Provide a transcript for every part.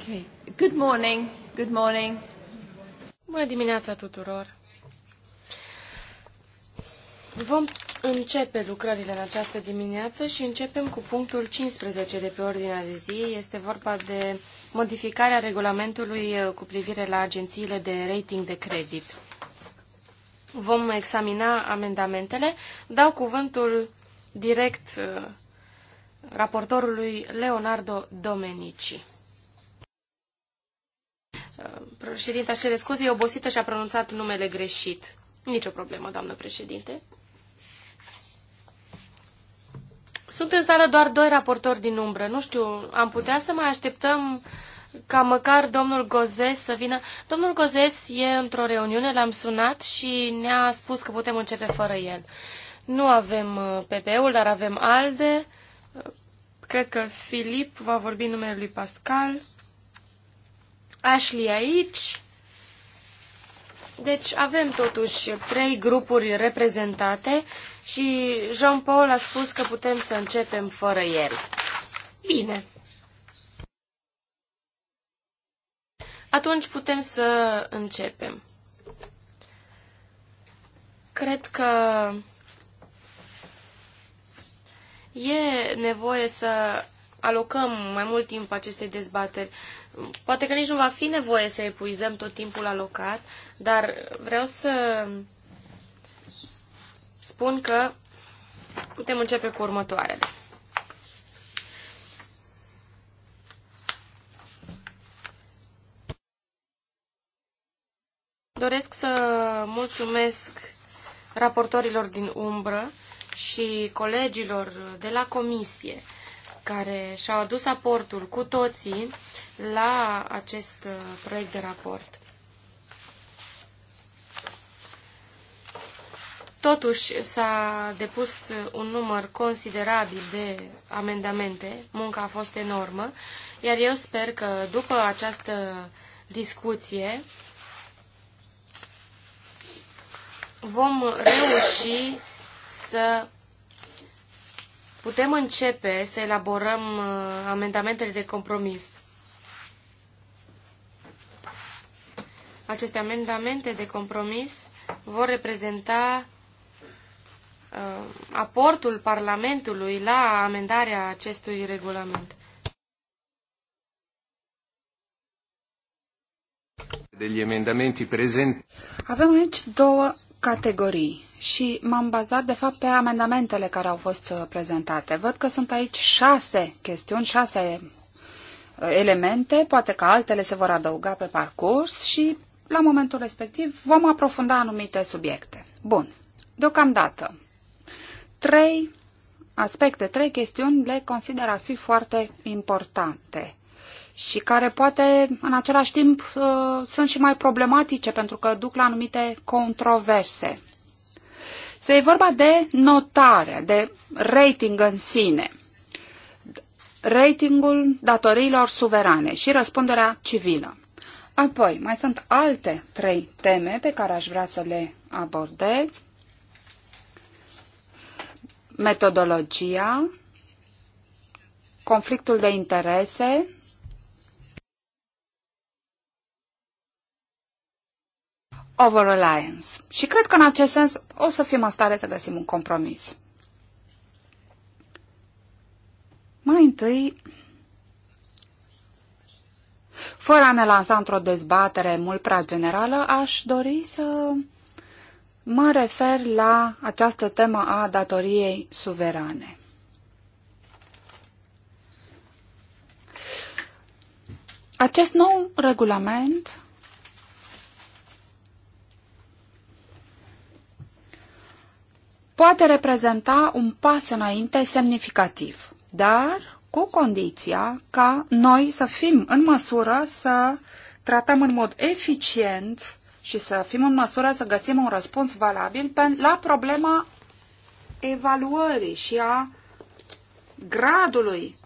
Okay. Good morning. Good morning. Bună dimineața tuturor. Vom începe lucrările în această dimineață și începem cu punctul 15 de pe ordinea de zi. Este vorba de modificarea regulamentului uh, cu privire la agențiile de rating de credit. Vom examina amendamentele. Dau cuvântul direct uh, raportorului Leonardo Domenici aș cere scuze, e obosită și a pronunțat numele greșit. Nicio problemă, doamnă președinte. Sunt în sală doar doi raportori din umbră. Nu știu, am putea să mai așteptăm ca măcar domnul Gozes să vină. Domnul Gozes e într-o reuniune, l-am sunat și ne-a spus că putem începe fără el. Nu avem uh, PP-ul, dar avem ALDE. Uh, cred că Filip va vorbi numele lui Pascal. Ashley aici. Deci avem totuși trei grupuri reprezentate și Jean-Paul a spus că putem să începem fără el. Bine. Atunci putem să începem. Cred că e nevoie să alocăm mai mult timp acestei dezbateri. Poate că nici nu va fi nevoie să epuizăm tot timpul alocat, dar vreau să spun că putem începe cu următoarele. Doresc să mulțumesc raportorilor din umbră și colegilor de la comisie care și-au adus aportul cu toții la acest uh, proiect de raport. Totuși s-a depus uh, un număr considerabil de amendamente, munca a fost enormă, iar eu sper că după această discuție vom reuși să putem începe să elaborăm uh, amendamentele de compromis. Aceste amendamente de compromis vor reprezenta uh, aportul Parlamentului la amendarea acestui regulament. Degli Avem aici două categorii și m-am bazat, de fapt, pe amendamentele care au fost uh, prezentate. Văd că sunt aici șase chestiuni, șase uh, elemente, poate că altele se vor adăuga pe parcurs și, la momentul respectiv, vom aprofunda anumite subiecte. Bun. Deocamdată, trei aspecte, trei chestiuni le consider a fi foarte importante și care poate în același timp uh, sunt și mai problematice pentru că duc la anumite controverse. Să e vorba de notare, de rating în sine, ratingul datoriilor suverane și răspunderea civilă. Apoi, mai sunt alte trei teme pe care aș vrea să le abordez. Metodologia, conflictul de interese over-reliance. Și cred că în acest sens o să fim în stare să găsim un compromis. Mai întâi, fără a ne lansa într-o dezbatere mult prea generală, aș dori să mă refer la această temă a datoriei suverane. Acest nou regulament poate reprezenta un pas înainte semnificativ, dar cu condiția ca noi să fim în măsură să tratăm în mod eficient și să fim în măsură să găsim un răspuns valabil la problema evaluării și a gradului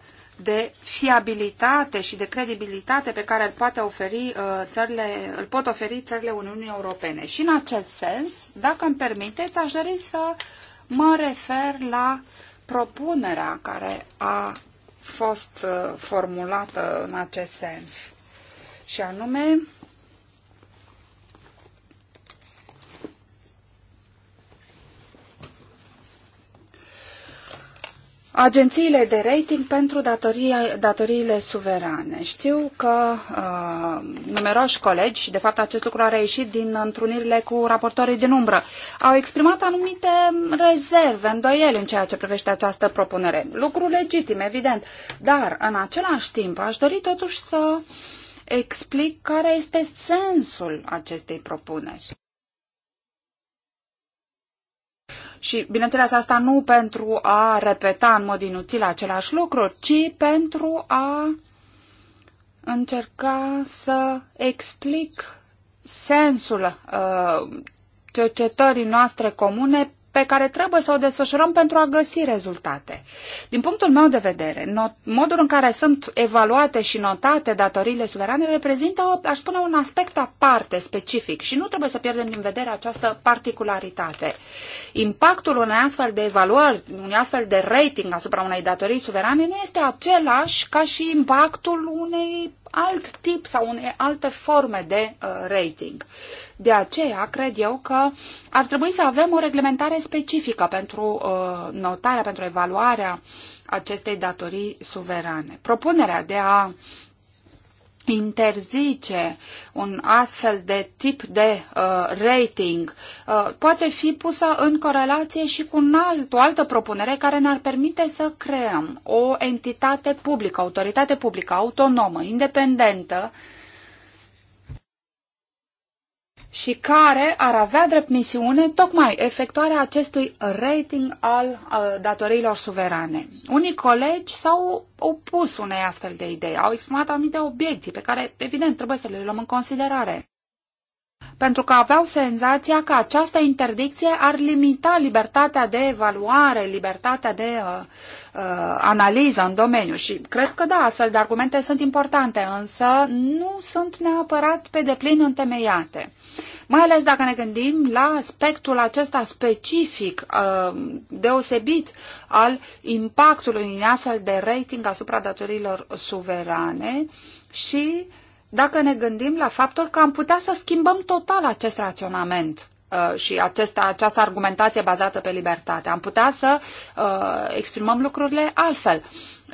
de fiabilitate și de credibilitate pe care îl, poate oferi, uh, țările, îl pot oferi țările Uniunii Europene. Și în acest sens, dacă îmi permiteți, aș dori să Mă refer la propunerea care a fost uh, formulată în acest sens. Și anume, agențiile de rating pentru datorii, datoriile suverane. Știu că uh, numeroși colegi, și de fapt acest lucru a reieșit din întrunirile cu raportorii din umbră, au exprimat anumite rezerve, îndoieli în ceea ce privește această propunere. Lucru legitim, evident, dar în același timp aș dori totuși să explic care este sensul acestei propuneri. Și, bineînțeles, asta nu pentru a repeta în mod inutil același lucru, ci pentru a încerca să explic sensul uh, cercetării noastre comune pe care trebuie să o desfășurăm pentru a găsi rezultate. Din punctul meu de vedere, modul în care sunt evaluate și notate datoriile suverane reprezintă, aș spune, un aspect aparte, specific și nu trebuie să pierdem din vedere această particularitate. Impactul unei astfel de evaluări, unui astfel de rating asupra unei datorii suverane nu este același ca și impactul unei alt tip sau unei alte forme de uh, rating. De aceea, cred eu că ar trebui să avem o reglementare specifică pentru uh, notarea, pentru evaluarea acestei datorii suverane. Propunerea de a interzice un astfel de tip de uh, rating uh, poate fi pusă în corelație și cu un alt, o altă propunere care ne-ar permite să creăm o entitate publică, autoritate publică, autonomă, independentă, uh, și care ar avea drept misiune tocmai efectuarea acestui rating al uh, datoriilor suverane. Unii colegi s-au opus unei astfel de idei, au exprimat anumite obiecții pe care, evident, trebuie să le luăm în considerare pentru că aveau senzația că această interdicție ar limita libertatea de evaluare, libertatea de uh, uh, analiză în domeniu. Și cred că da, astfel de argumente sunt importante, însă nu sunt neapărat pe deplin întemeiate. Mai ales dacă ne gândim la aspectul acesta specific, uh, deosebit, al impactului în astfel de rating asupra datorilor suverane și uh, dacă ne gândim la faptul că am putea să schimbăm total acest raționament Uh, și acesta, această argumentație bazată pe libertate. Am putea să uh, exprimăm lucrurile altfel.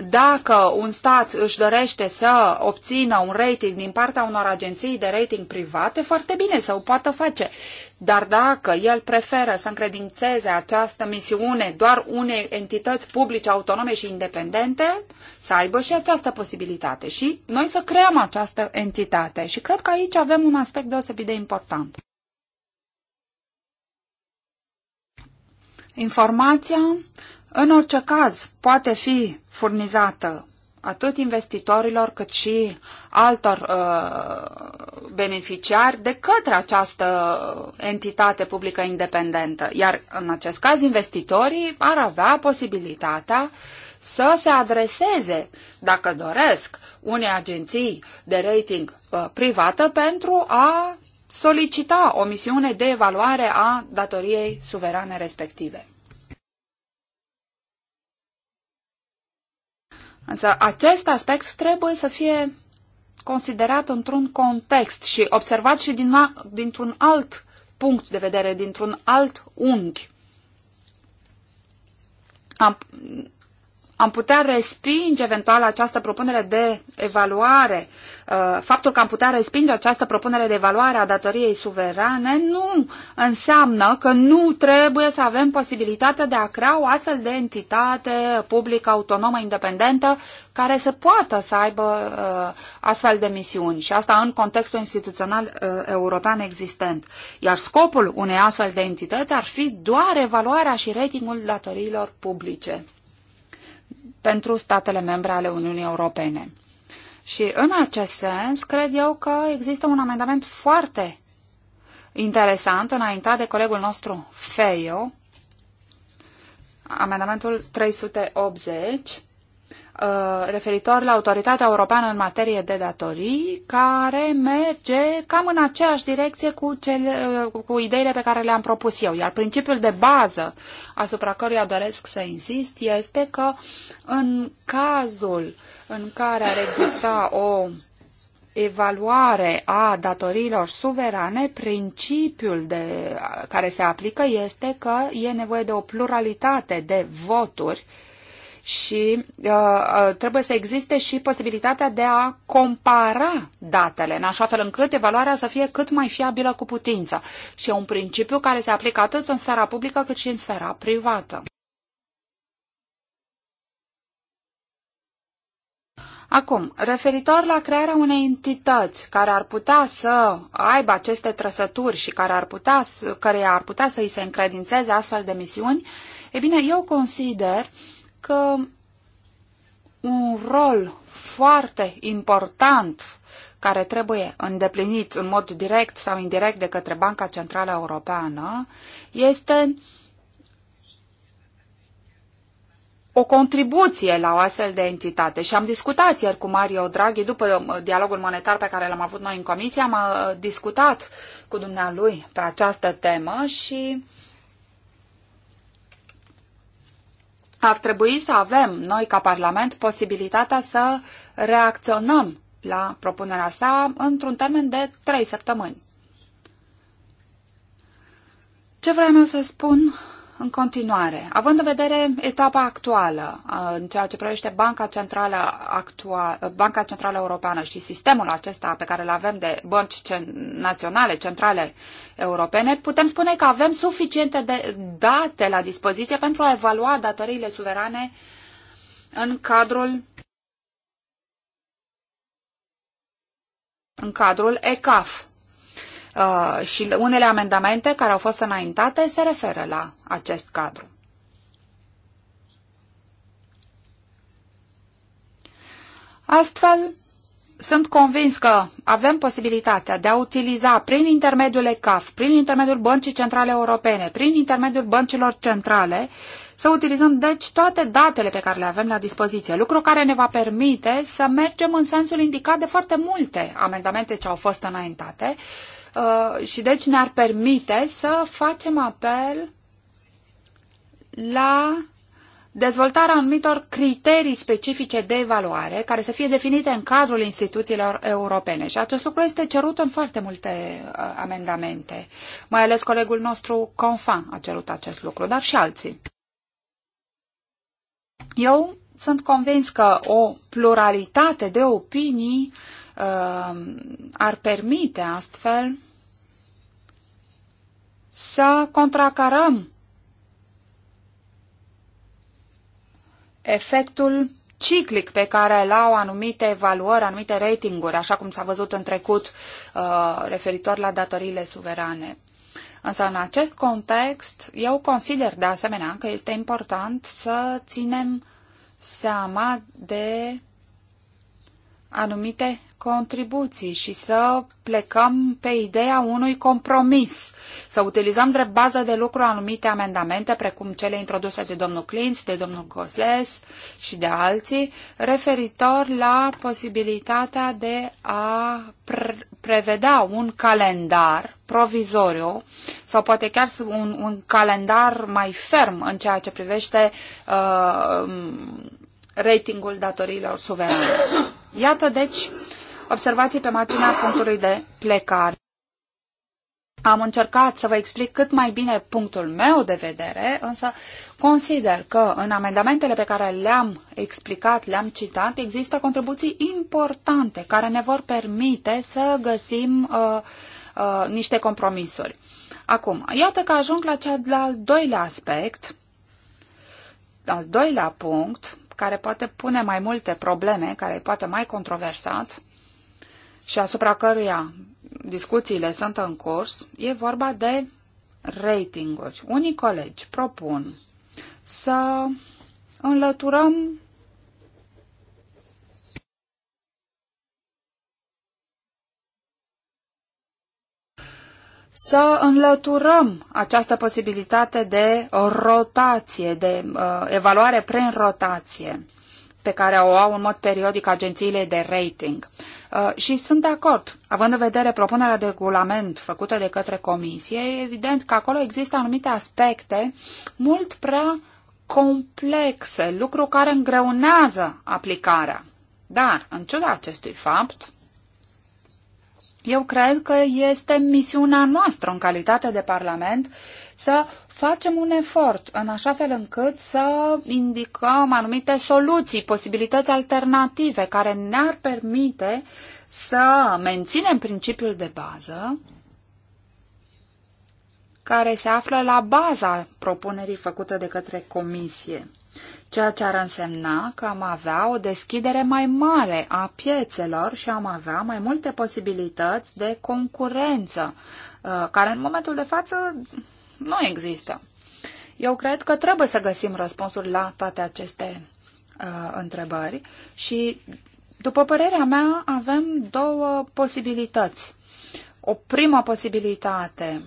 Dacă un stat își dorește să obțină un rating din partea unor agenții de rating private, foarte bine să o poată face. Dar dacă el preferă să încredințeze această misiune doar unei entități publice, autonome și independente, să aibă și această posibilitate. Și noi să creăm această entitate. Și cred că aici avem un aspect deosebit de important. Informația, în orice caz, poate fi furnizată atât investitorilor cât și altor uh, beneficiari de către această entitate publică independentă. Iar în acest caz investitorii ar avea posibilitatea să se adreseze, dacă doresc, unei agenții de rating uh, privată pentru a solicita o misiune de evaluare a datoriei suverane respective. Însă acest aspect trebuie să fie considerat într-un context și observat și din, dintr-un alt punct de vedere, dintr-un alt unghi. Am, am putea respinge eventual această propunere de evaluare, uh, faptul că am putea respinge această propunere de evaluare a datoriei suverane nu înseamnă că nu trebuie să avem posibilitatea de a crea o astfel de entitate publică, autonomă, independentă, care să poată să aibă uh, astfel de misiuni și asta în contextul instituțional uh, european existent. Iar scopul unei astfel de entități ar fi doar evaluarea și ratingul datoriilor publice pentru statele membre ale Uniunii Europene. Și în acest sens, cred eu că există un amendament foarte interesant înaintat de colegul nostru Feio, amendamentul 380, Uh, referitor la Autoritatea Europeană în materie de datorii, care merge cam în aceeași direcție cu, cele, uh, cu ideile pe care le-am propus eu. Iar principiul de bază asupra căruia doresc să insist este că în cazul în care ar exista o evaluare a datoriilor suverane, principiul de, care se aplică este că e nevoie de o pluralitate de voturi uh, și uh, uh, trebuie să existe și posibilitatea de a compara datele, în așa fel încât evaluarea să fie cât mai fiabilă cu putință. Și e un principiu care se aplică atât în sfera publică cât și în sfera privată. Acum, referitor la crearea unei entități care ar putea să aibă aceste trăsături și care ar putea, care ar putea să îi se încredințeze astfel de misiuni, e bine, eu consider că un rol foarte important care trebuie îndeplinit în mod direct sau indirect de către Banca Centrală Europeană este o contribuție la o astfel de entitate. Și am discutat ieri cu Mario Draghi, după uh, dialogul monetar pe care l-am avut noi în comisie, am uh, discutat cu dumnealui pe această temă și uh, ar trebui să avem noi ca Parlament posibilitatea să reacționăm la propunerea sa într-un termen de trei săptămâni. Ce vreau să spun în continuare, având în vedere etapa actuală în ceea ce privește Banca Centrală, actuală, Banca Centrală Europeană și sistemul acesta pe care îl avem de bănci naționale, centrale europene, putem spune că avem suficiente de date la dispoziție pentru a evalua datoriile suverane în cadrul în cadrul ECAF. Uh, și unele amendamente care au fost înaintate se referă la acest cadru. Astfel, sunt convins că avem posibilitatea de a utiliza prin intermediul ECAF, prin intermediul Băncii Centrale Europene, prin intermediul băncilor centrale, să utilizăm deci toate datele pe care le avem la dispoziție, lucru care ne va permite să mergem în sensul indicat de foarte multe amendamente ce au fost înaintate Uh, și deci ne-ar permite să facem apel la dezvoltarea anumitor criterii specifice de evaluare care să fie definite în cadrul instituțiilor europene. Și acest lucru este cerut în foarte multe uh, amendamente. Mai ales colegul nostru Confan a cerut acest lucru, dar și alții. Eu sunt convins că o pluralitate de opinii uh, Uh, ar permite astfel să contracarăm efectul ciclic pe care îl au anumite evaluări, anumite ratinguri, așa cum s-a văzut în trecut uh, referitor la datoriile suverane. Însă în acest context, eu consider de asemenea că este important să ținem seama de anumite contribuții și să plecăm pe ideea unui compromis, să utilizăm drept bază de lucru anumite amendamente, precum cele introduse de domnul Clintz, de domnul Gosles și de alții, referitor la posibilitatea de a pre prevedea un calendar provizoriu sau poate chiar un, un calendar mai ferm în ceea ce privește uh, ratingul datoriilor suverane. Iată, deci, observații pe marginea punctului de plecare. Am încercat să vă explic cât mai bine punctul meu de vedere, însă consider că în amendamentele pe care le-am explicat, le-am citat, există contribuții importante care ne vor permite să găsim uh, uh, niște compromisuri. Acum, iată că ajung la cel de-al doilea aspect, al doilea punct, care poate pune mai multe probleme, care e poate mai controversat și asupra căruia discuțiile sunt în curs, e vorba de ratinguri. Unii colegi propun să înlăturăm să înlăturăm această posibilitate de rotație, de uh, evaluare prin rotație pe care o au în mod periodic agențiile de rating. Uh, și sunt de acord, având în vedere propunerea de regulament făcută de către comisie, e evident că acolo există anumite aspecte mult prea complexe, lucru care îngreunează aplicarea. Dar, în ciuda acestui fapt, eu cred că este misiunea noastră în calitate de Parlament să facem un efort în așa fel încât să indicăm anumite soluții, posibilități alternative care ne-ar permite să menținem principiul de bază care se află la baza propunerii făcute de către Comisie ceea ce ar însemna că am avea o deschidere mai mare a piețelor și am avea mai multe posibilități de concurență, uh, care în momentul de față nu există. Eu cred că trebuie să găsim răspunsuri la toate aceste uh, întrebări și, după părerea mea, avem două posibilități. O primă posibilitate,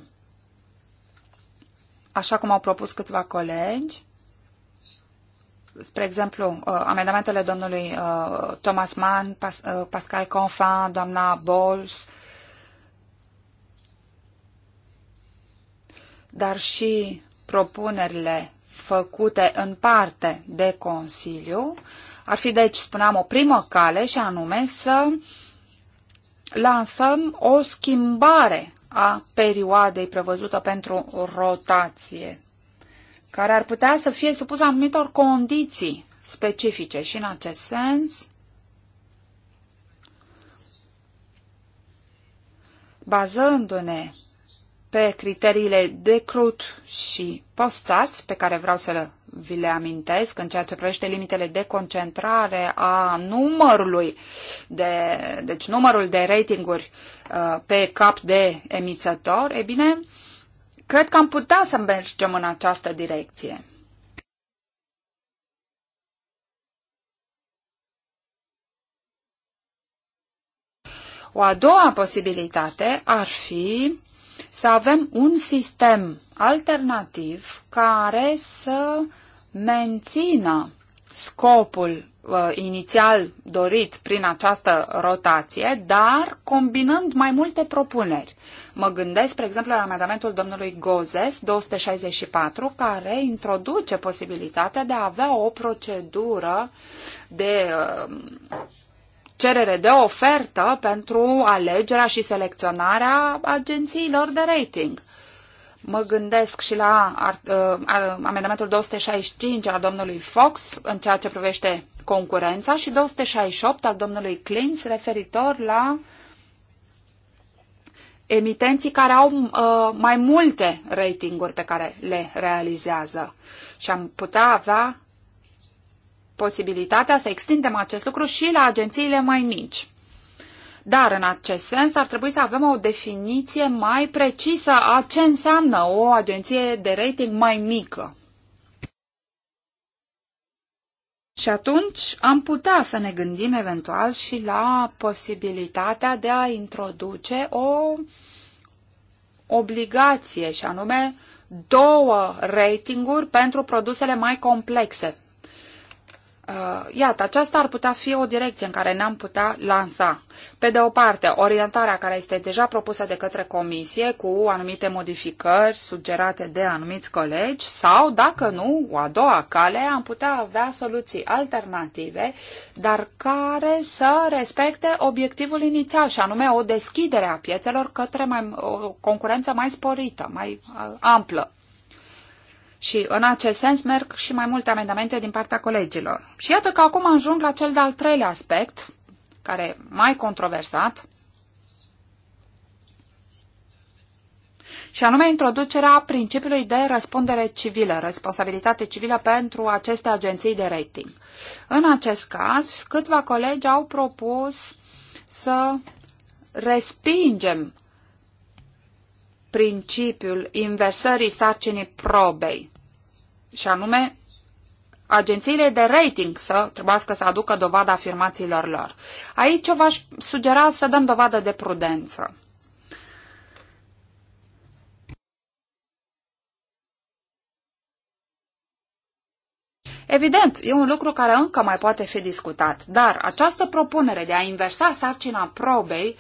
așa cum au propus câțiva colegi, spre exemplu, uh, amendamentele domnului uh, Thomas Mann, uh, Pascal Confin, doamna Bowles, dar și propunerile făcute în parte de Consiliu, ar fi, deci, spuneam, o primă cale și anume să lansăm o schimbare a perioadei prevăzută pentru rotație care ar putea să fie supus anumitor condiții specifice și în acest sens bazându-ne pe criteriile de crut și postas, pe care vreau să vi le amintesc în ceea ce privește limitele de concentrare a numărului, de, deci numărul de ratinguri uh, pe cap de emițător, e bine, uh, Cred că am putea să mergem în această direcție. O a doua posibilitate ar fi să avem un sistem alternativ care să mențină scopul uh, inițial dorit prin această rotație, dar combinând mai multe propuneri. Mă gândesc, spre exemplu, la amendamentul domnului Gozes 264, care introduce posibilitatea de a avea o procedură de uh, cerere de ofertă pentru alegerea și selecționarea agențiilor de rating. Uh, Mă gândesc și la ar, uh, amendamentul 265 al domnului Fox în ceea ce privește concurența și 268 al domnului Clins referitor la emitenții care au uh, mai multe ratinguri pe care le realizează. Și am putea avea posibilitatea să extindem acest lucru și la agențiile mai mici. Dar în acest sens ar trebui să avem o definiție mai precisă a ce înseamnă o agenție de rating mai mică. Și atunci am putea să ne gândim eventual și la posibilitatea de a introduce o obligație, și anume două ratinguri pentru produsele mai complexe, Uh, iată, aceasta ar putea fi o direcție în care ne-am putea lansa. Pe de o parte, orientarea care este deja propusă de către comisie cu anumite modificări sugerate de anumiți colegi sau, dacă nu, o a doua cale, am putea avea soluții alternative, dar care să respecte obiectivul inițial și anume o deschidere a piețelor către mai, o concurență mai sporită, mai uh, amplă. Și în acest sens merg și mai multe amendamente din partea colegilor. Și iată că acum ajung la cel de-al treilea aspect, care e mai controversat, și anume introducerea principiului de răspundere civilă, responsabilitate civilă pentru aceste agenții de rating. În acest caz, câțiva colegi au propus să respingem principiul inversării sarcinii probei, și anume agențiile de rating să trebuiască să aducă dovada afirmațiilor lor. Aici eu v-aș sugera să dăm dovadă de prudență. Evident, e un lucru care încă mai poate fi discutat, dar această propunere de a inversa sarcina probei uh,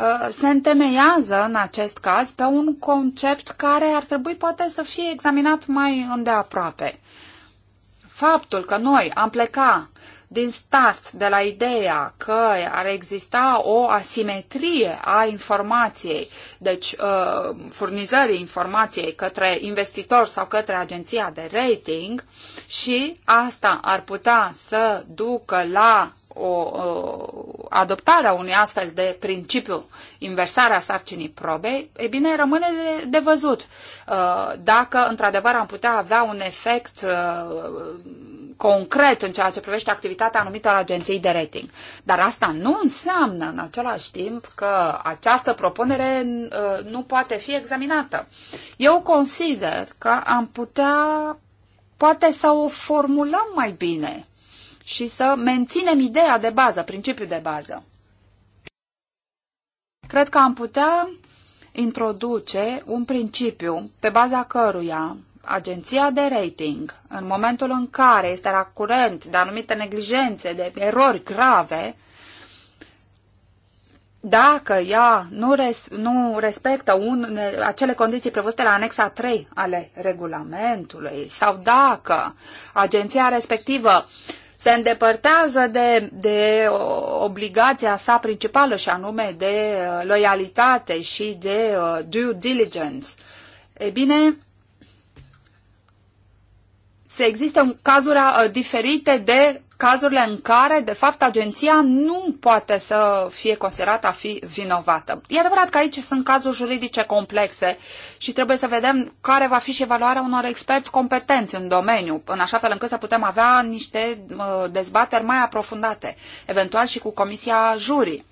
Uh, se întemeiază în acest caz pe un concept care ar trebui poate să fie examinat mai îndeaproape. Faptul că noi am plecat din start de la ideea că ar exista o asimetrie a informației, deci uh, furnizării informației către investitor sau către agenția de rating și asta ar putea să ducă la o, o adoptare unui astfel de principiu, inversarea sarcinii probei, e bine, rămâne de, de văzut uh, dacă într-adevăr am putea avea un efect uh, concret în ceea ce privește activitatea anumitor agenții de rating. Dar asta nu înseamnă în același timp că această propunere uh, nu poate fi examinată. Eu consider că am putea poate să o formulăm mai bine și să menținem ideea de bază, principiul de bază. Cred că am putea introduce un principiu pe baza căruia agenția de rating, în momentul în care este la curent de anumite neglijențe, de erori grave, dacă ea nu, res, nu respectă un, acele condiții prevăzute la anexa 3 ale regulamentului sau dacă agenția respectivă se îndepărtează de, de obligația sa principală și anume de uh, loialitate și de uh, due diligence. E bine, să existe cazuri uh, diferite de cazurile în care, de fapt, agenția nu poate să fie considerată a fi vinovată. E adevărat că aici sunt cazuri juridice complexe și trebuie să vedem care va fi și evaluarea unor experți competenți în domeniu, în așa fel încât să putem avea niște uh, dezbateri mai aprofundate, eventual și cu Comisia Jurii.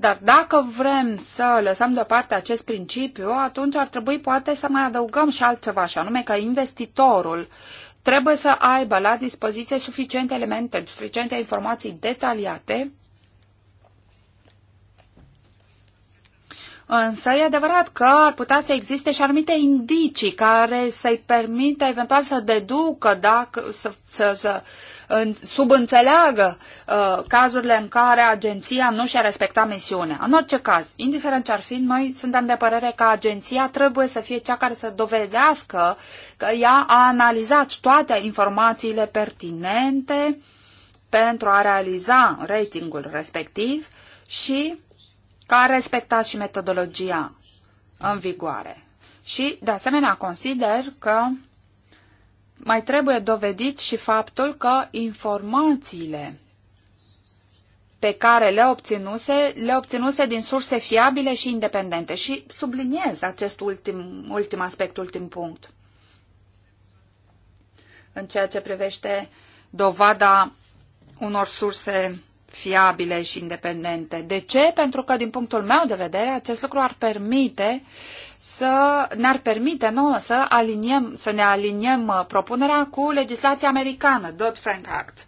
Dar dacă vrem să lăsăm deoparte acest principiu, atunci ar trebui poate să mai adăugăm și altceva, și anume că investitorul uh, trebuie să aibă la dispoziție suficiente elemente, suficiente informații detaliate Însă e adevărat că ar putea să existe și anumite indicii care să-i permită eventual să deducă, dacă, să, să, să în, subînțeleagă uh, cazurile în care agenția nu și-a respectat misiunea. În orice caz, indiferent ce ar fi, noi suntem de părere că agenția trebuie să fie cea care să dovedească că ea a analizat toate informațiile pertinente pentru a realiza ratingul respectiv și că a respectat și metodologia în vigoare. Și, de asemenea, consider că mai trebuie dovedit și faptul că informațiile pe care le obținuse, le obținuse din surse fiabile și independente. Și subliniez acest ultim, ultim aspect, ultim punct. În ceea ce privește dovada unor surse fiabile și independente. De ce? Pentru că, din punctul meu de vedere, acest lucru ar permite să ne-ar permite nouă să, aliniem, să ne aliniem uh, propunerea cu legislația americană, Dodd-Frank Act.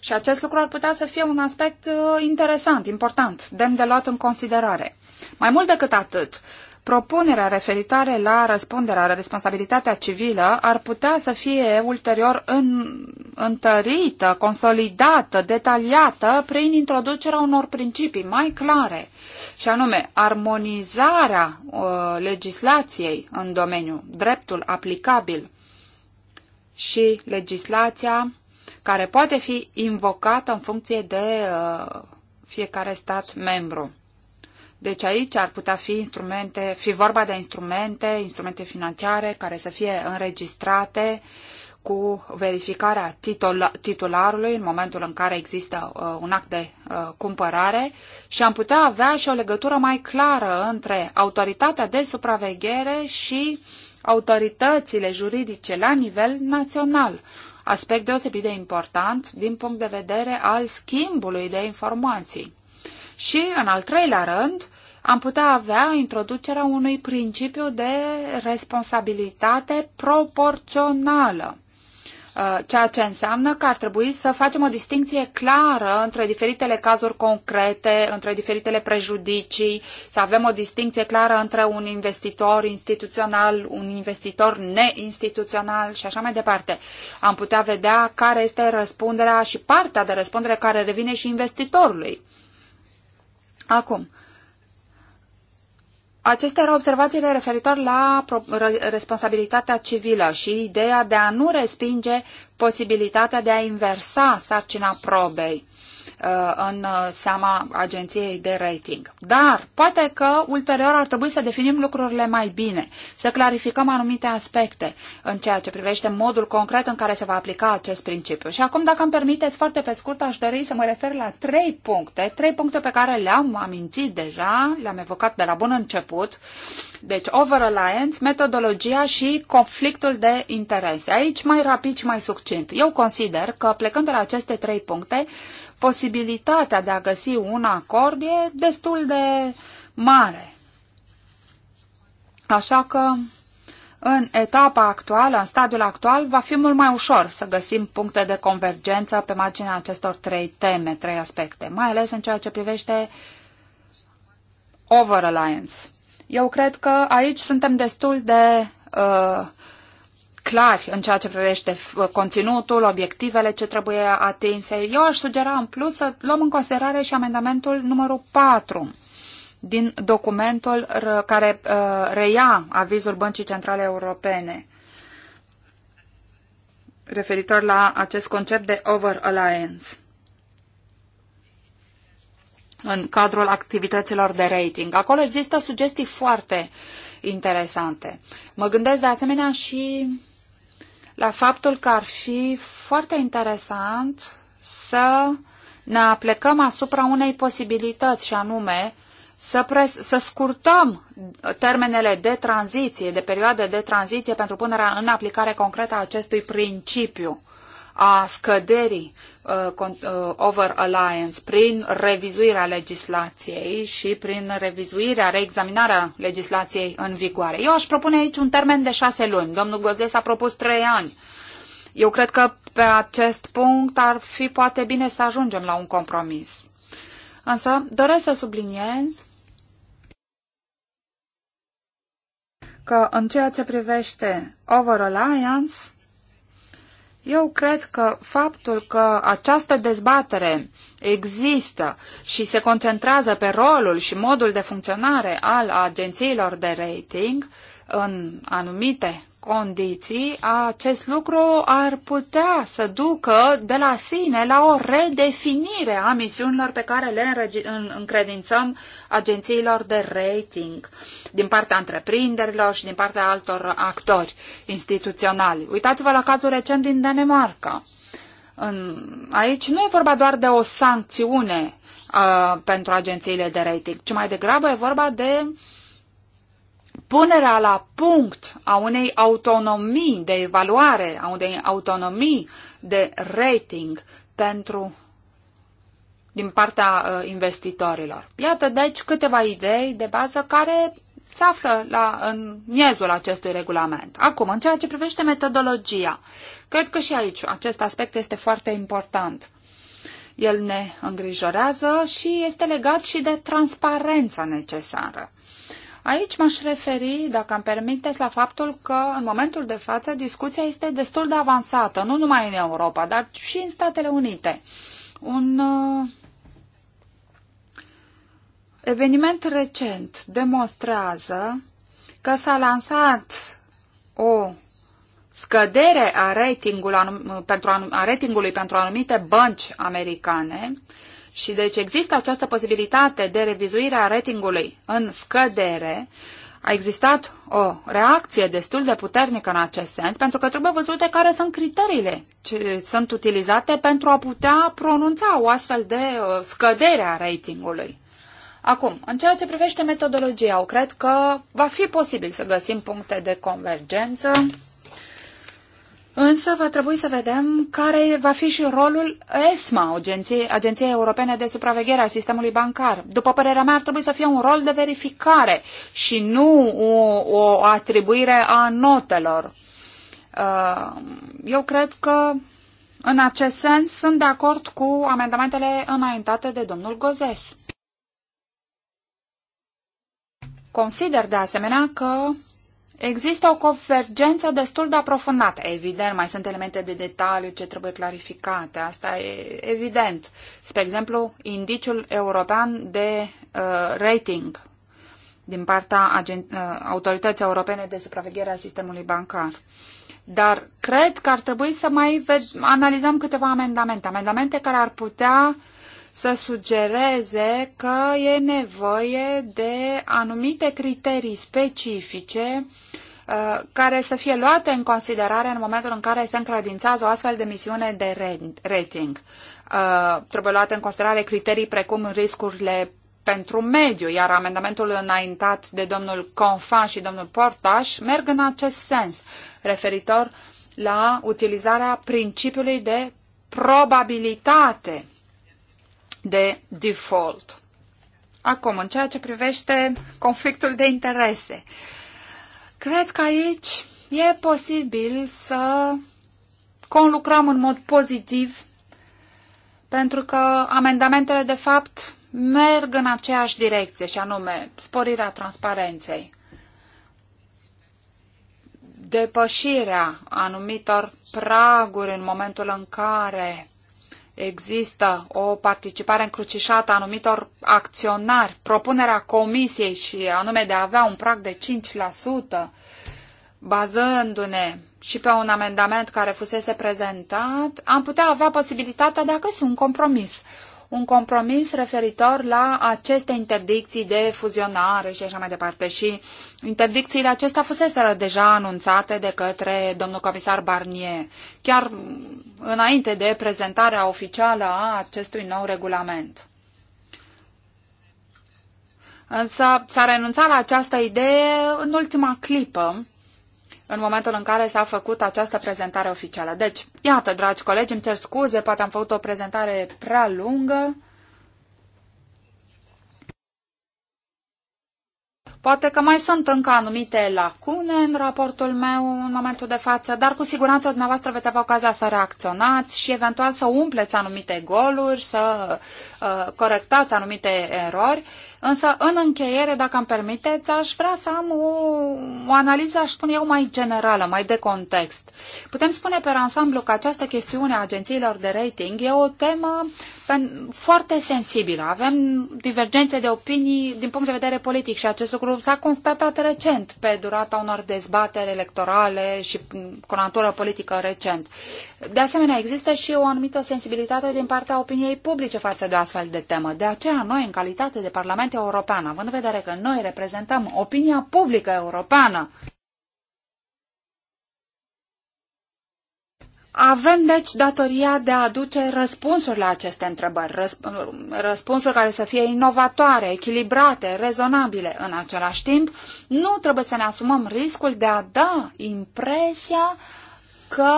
Și acest lucru ar putea să fie un aspect uh, interesant, important, demn de luat în considerare. Mai mult decât atât, propunerea referitoare la răspunderea, la responsabilitatea civilă ar putea să fie ulterior în, întărită, consolidată, detaliată prin introducerea unor principii mai clare, și anume armonizarea uh, legislației în domeniu, dreptul aplicabil și legislația care poate fi invocată în funcție de uh, fiecare stat membru. Deci aici ar putea fi instrumente, fi vorba de instrumente, instrumente financiare care să fie înregistrate cu verificarea titul, titularului în momentul în care există uh, un act de uh, cumpărare și am putea avea și o legătură mai clară între autoritatea de supraveghere și autoritățile juridice la nivel național. Aspect deosebit de important din punct de vedere al schimbului de informații. Și, în al treilea rând, am putea avea introducerea unui principiu de responsabilitate proporțională uh, ceea ce înseamnă că ar trebui să facem o distinție clară între diferitele cazuri concrete, între diferitele prejudicii, să avem o distinție clară între un investitor instituțional, un investitor neinstituțional și așa mai departe. Am putea vedea care este răspunderea și partea de răspundere care revine și investitorului. Acum, Acestea erau observațiile referitor la responsabilitatea civilă și ideea de a nu respinge posibilitatea de a inversa sarcina probei. Uh, în seama agenției de rating. Dar poate că ulterior ar trebui să definim lucrurile mai bine, să clarificăm anumite aspecte în ceea ce privește modul concret în care se va aplica acest principiu. Și acum, dacă îmi permiteți, foarte pe scurt, aș dori să mă refer la trei puncte, trei puncte pe care le-am amintit deja, le-am evocat de la bun început. Deci, over-reliance, metodologia și conflictul de interese. Aici, mai rapid și mai succint. Eu consider că, plecând de la aceste trei puncte, posibilitatea de a găsi un acord e destul de mare. Așa că în etapa actuală, în stadiul actual, va fi mult mai ușor să găsim puncte de convergență pe marginea acestor trei teme, trei aspecte, mai ales în ceea ce privește over-alliance. Eu cred că aici suntem destul de uh, clari în ceea ce privește conținutul, obiectivele ce trebuie atinse. Eu aș sugera în plus să luăm în considerare și amendamentul numărul 4 din documentul care uh, reia avizul Băncii Centrale Europene referitor la acest concept de over-alliance în cadrul activităților de rating. Acolo există sugestii foarte interesante. Mă gândesc de asemenea și la faptul că ar fi foarte interesant să ne aplecăm asupra unei posibilități și anume să, pres- să scurtăm termenele de tranziție, de perioade de tranziție pentru punerea în aplicare concretă a acestui principiu a scăderii uh, uh, over alliance prin revizuirea legislației și prin revizuirea, reexaminarea legislației în vigoare. Eu aș propune aici un termen de șase luni. Domnul Gozdes a propus trei ani. Eu cred că pe acest punct ar fi poate bine să ajungem la un compromis. Însă doresc să subliniez că în ceea ce privește Over Alliance, eu cred că faptul că această dezbatere există și se concentrează pe rolul și modul de funcționare al agențiilor de rating în anumite condiții, acest lucru ar putea să ducă de la sine la o redefinire a misiunilor pe care le încredințăm agențiilor de rating, din partea întreprinderilor și din partea altor actori instituționali. Uitați-vă la cazul recent din Danemarca. În, aici nu e vorba doar de o sancțiune uh, pentru agențiile de rating, ci mai degrabă e vorba de punerea la punct a unei autonomii de evaluare, a unei autonomii de rating pentru din partea uh, investitorilor. Iată, deci, câteva idei de bază care se află la, în miezul acestui regulament. Acum, în ceea ce privește metodologia, cred că și aici acest aspect este foarte important. El ne îngrijorează și este legat și de transparența necesară. Aici m-aș referi, dacă îmi permiteți, la faptul că în momentul de față discuția este destul de avansată, nu numai în Europa, dar și în Statele Unite. Un uh, Eveniment recent demonstrează că s-a lansat o scădere a, ratingul anum, pentru, a ratingului pentru anumite bănci americane și deci există această posibilitate de revizuire a ratingului în scădere. A existat o reacție destul de puternică în acest sens, pentru că trebuie văzute care sunt criteriile ce sunt utilizate pentru a putea pronunța o astfel de uh, scădere a ratingului. Acum, în ceea ce privește metodologia, eu cred că va fi posibil să găsim puncte de convergență, însă va trebui să vedem care va fi și rolul ESMA, Agenției, Agenției Europene de Supraveghere a Sistemului Bancar. După părerea mea, ar trebui să fie un rol de verificare și nu o, o atribuire a notelor. Uh, eu cred că în acest sens sunt de acord cu amendamentele înaintate de domnul Gozes. Consider de asemenea că există o convergență destul de aprofundată. Evident, mai sunt elemente de detaliu ce trebuie clarificate, asta e evident. Spre exemplu, indiciul european de uh, rating din partea uh, Autorității Europene de Supraveghere a Sistemului Bancar. Dar cred că ar trebui să mai analizăm câteva amendamente, amendamente care ar putea uh, să sugereze că e nevoie de anumite criterii specifice uh, care să fie luate în considerare în momentul în care se încredințează o astfel de misiune de rating. Uh, trebuie luate în considerare criterii precum riscurile pentru mediu, iar amendamentul înaintat de domnul Confan și domnul Portaș merg în acest sens, referitor la utilizarea principiului de probabilitate de default. Acum, în ceea ce privește conflictul de interese, cred că aici e posibil să conlucrăm în mod pozitiv, pentru că amendamentele, de fapt, merg în aceeași direcție, și anume sporirea transparenței, depășirea anumitor praguri în momentul în care există o participare încrucișată a anumitor acționari, propunerea comisiei și anume de a avea un prag de 5%, bazându-ne și pe un amendament care fusese prezentat, am putea avea posibilitatea de a găsi un compromis un compromis referitor la aceste interdicții de fuzionare și așa mai departe. Și interdicțiile acestea fusese deja anunțate de către domnul comisar Barnier, chiar înainte de prezentarea oficială a acestui nou regulament. Însă s-a renunțat la această idee în ultima clipă, în momentul în care s-a făcut această prezentare oficială. Deci, iată, dragi colegi, îmi cer scuze, poate am făcut o prezentare prea lungă. Poate că mai sunt încă anumite lacune în raportul meu în momentul de față, dar cu siguranță dumneavoastră veți avea ocazia să reacționați și eventual să umpleți anumite goluri, să uh, corectați anumite erori. Însă, în încheiere, dacă îmi permiteți, aș vrea să am o, o analiză, aș spune eu, mai generală, mai de context. Putem spune pe ansamblu că această chestiune a agențiilor de rating e o temă foarte sensibilă. Avem divergențe de opinii din punct de vedere politic și acest lucru s-a constatat recent pe durata unor dezbateri electorale și cu natură politică recent. De asemenea, există și o anumită sensibilitate din partea opiniei publice față de o astfel de temă. De aceea, noi, în calitate de Parlament European, având în vedere că noi reprezentăm opinia publică europeană, Avem, deci, datoria de a aduce răspunsuri la aceste întrebări, răsp răspunsuri care să fie inovatoare, echilibrate, rezonabile. În același timp, nu trebuie să ne asumăm riscul de a da impresia că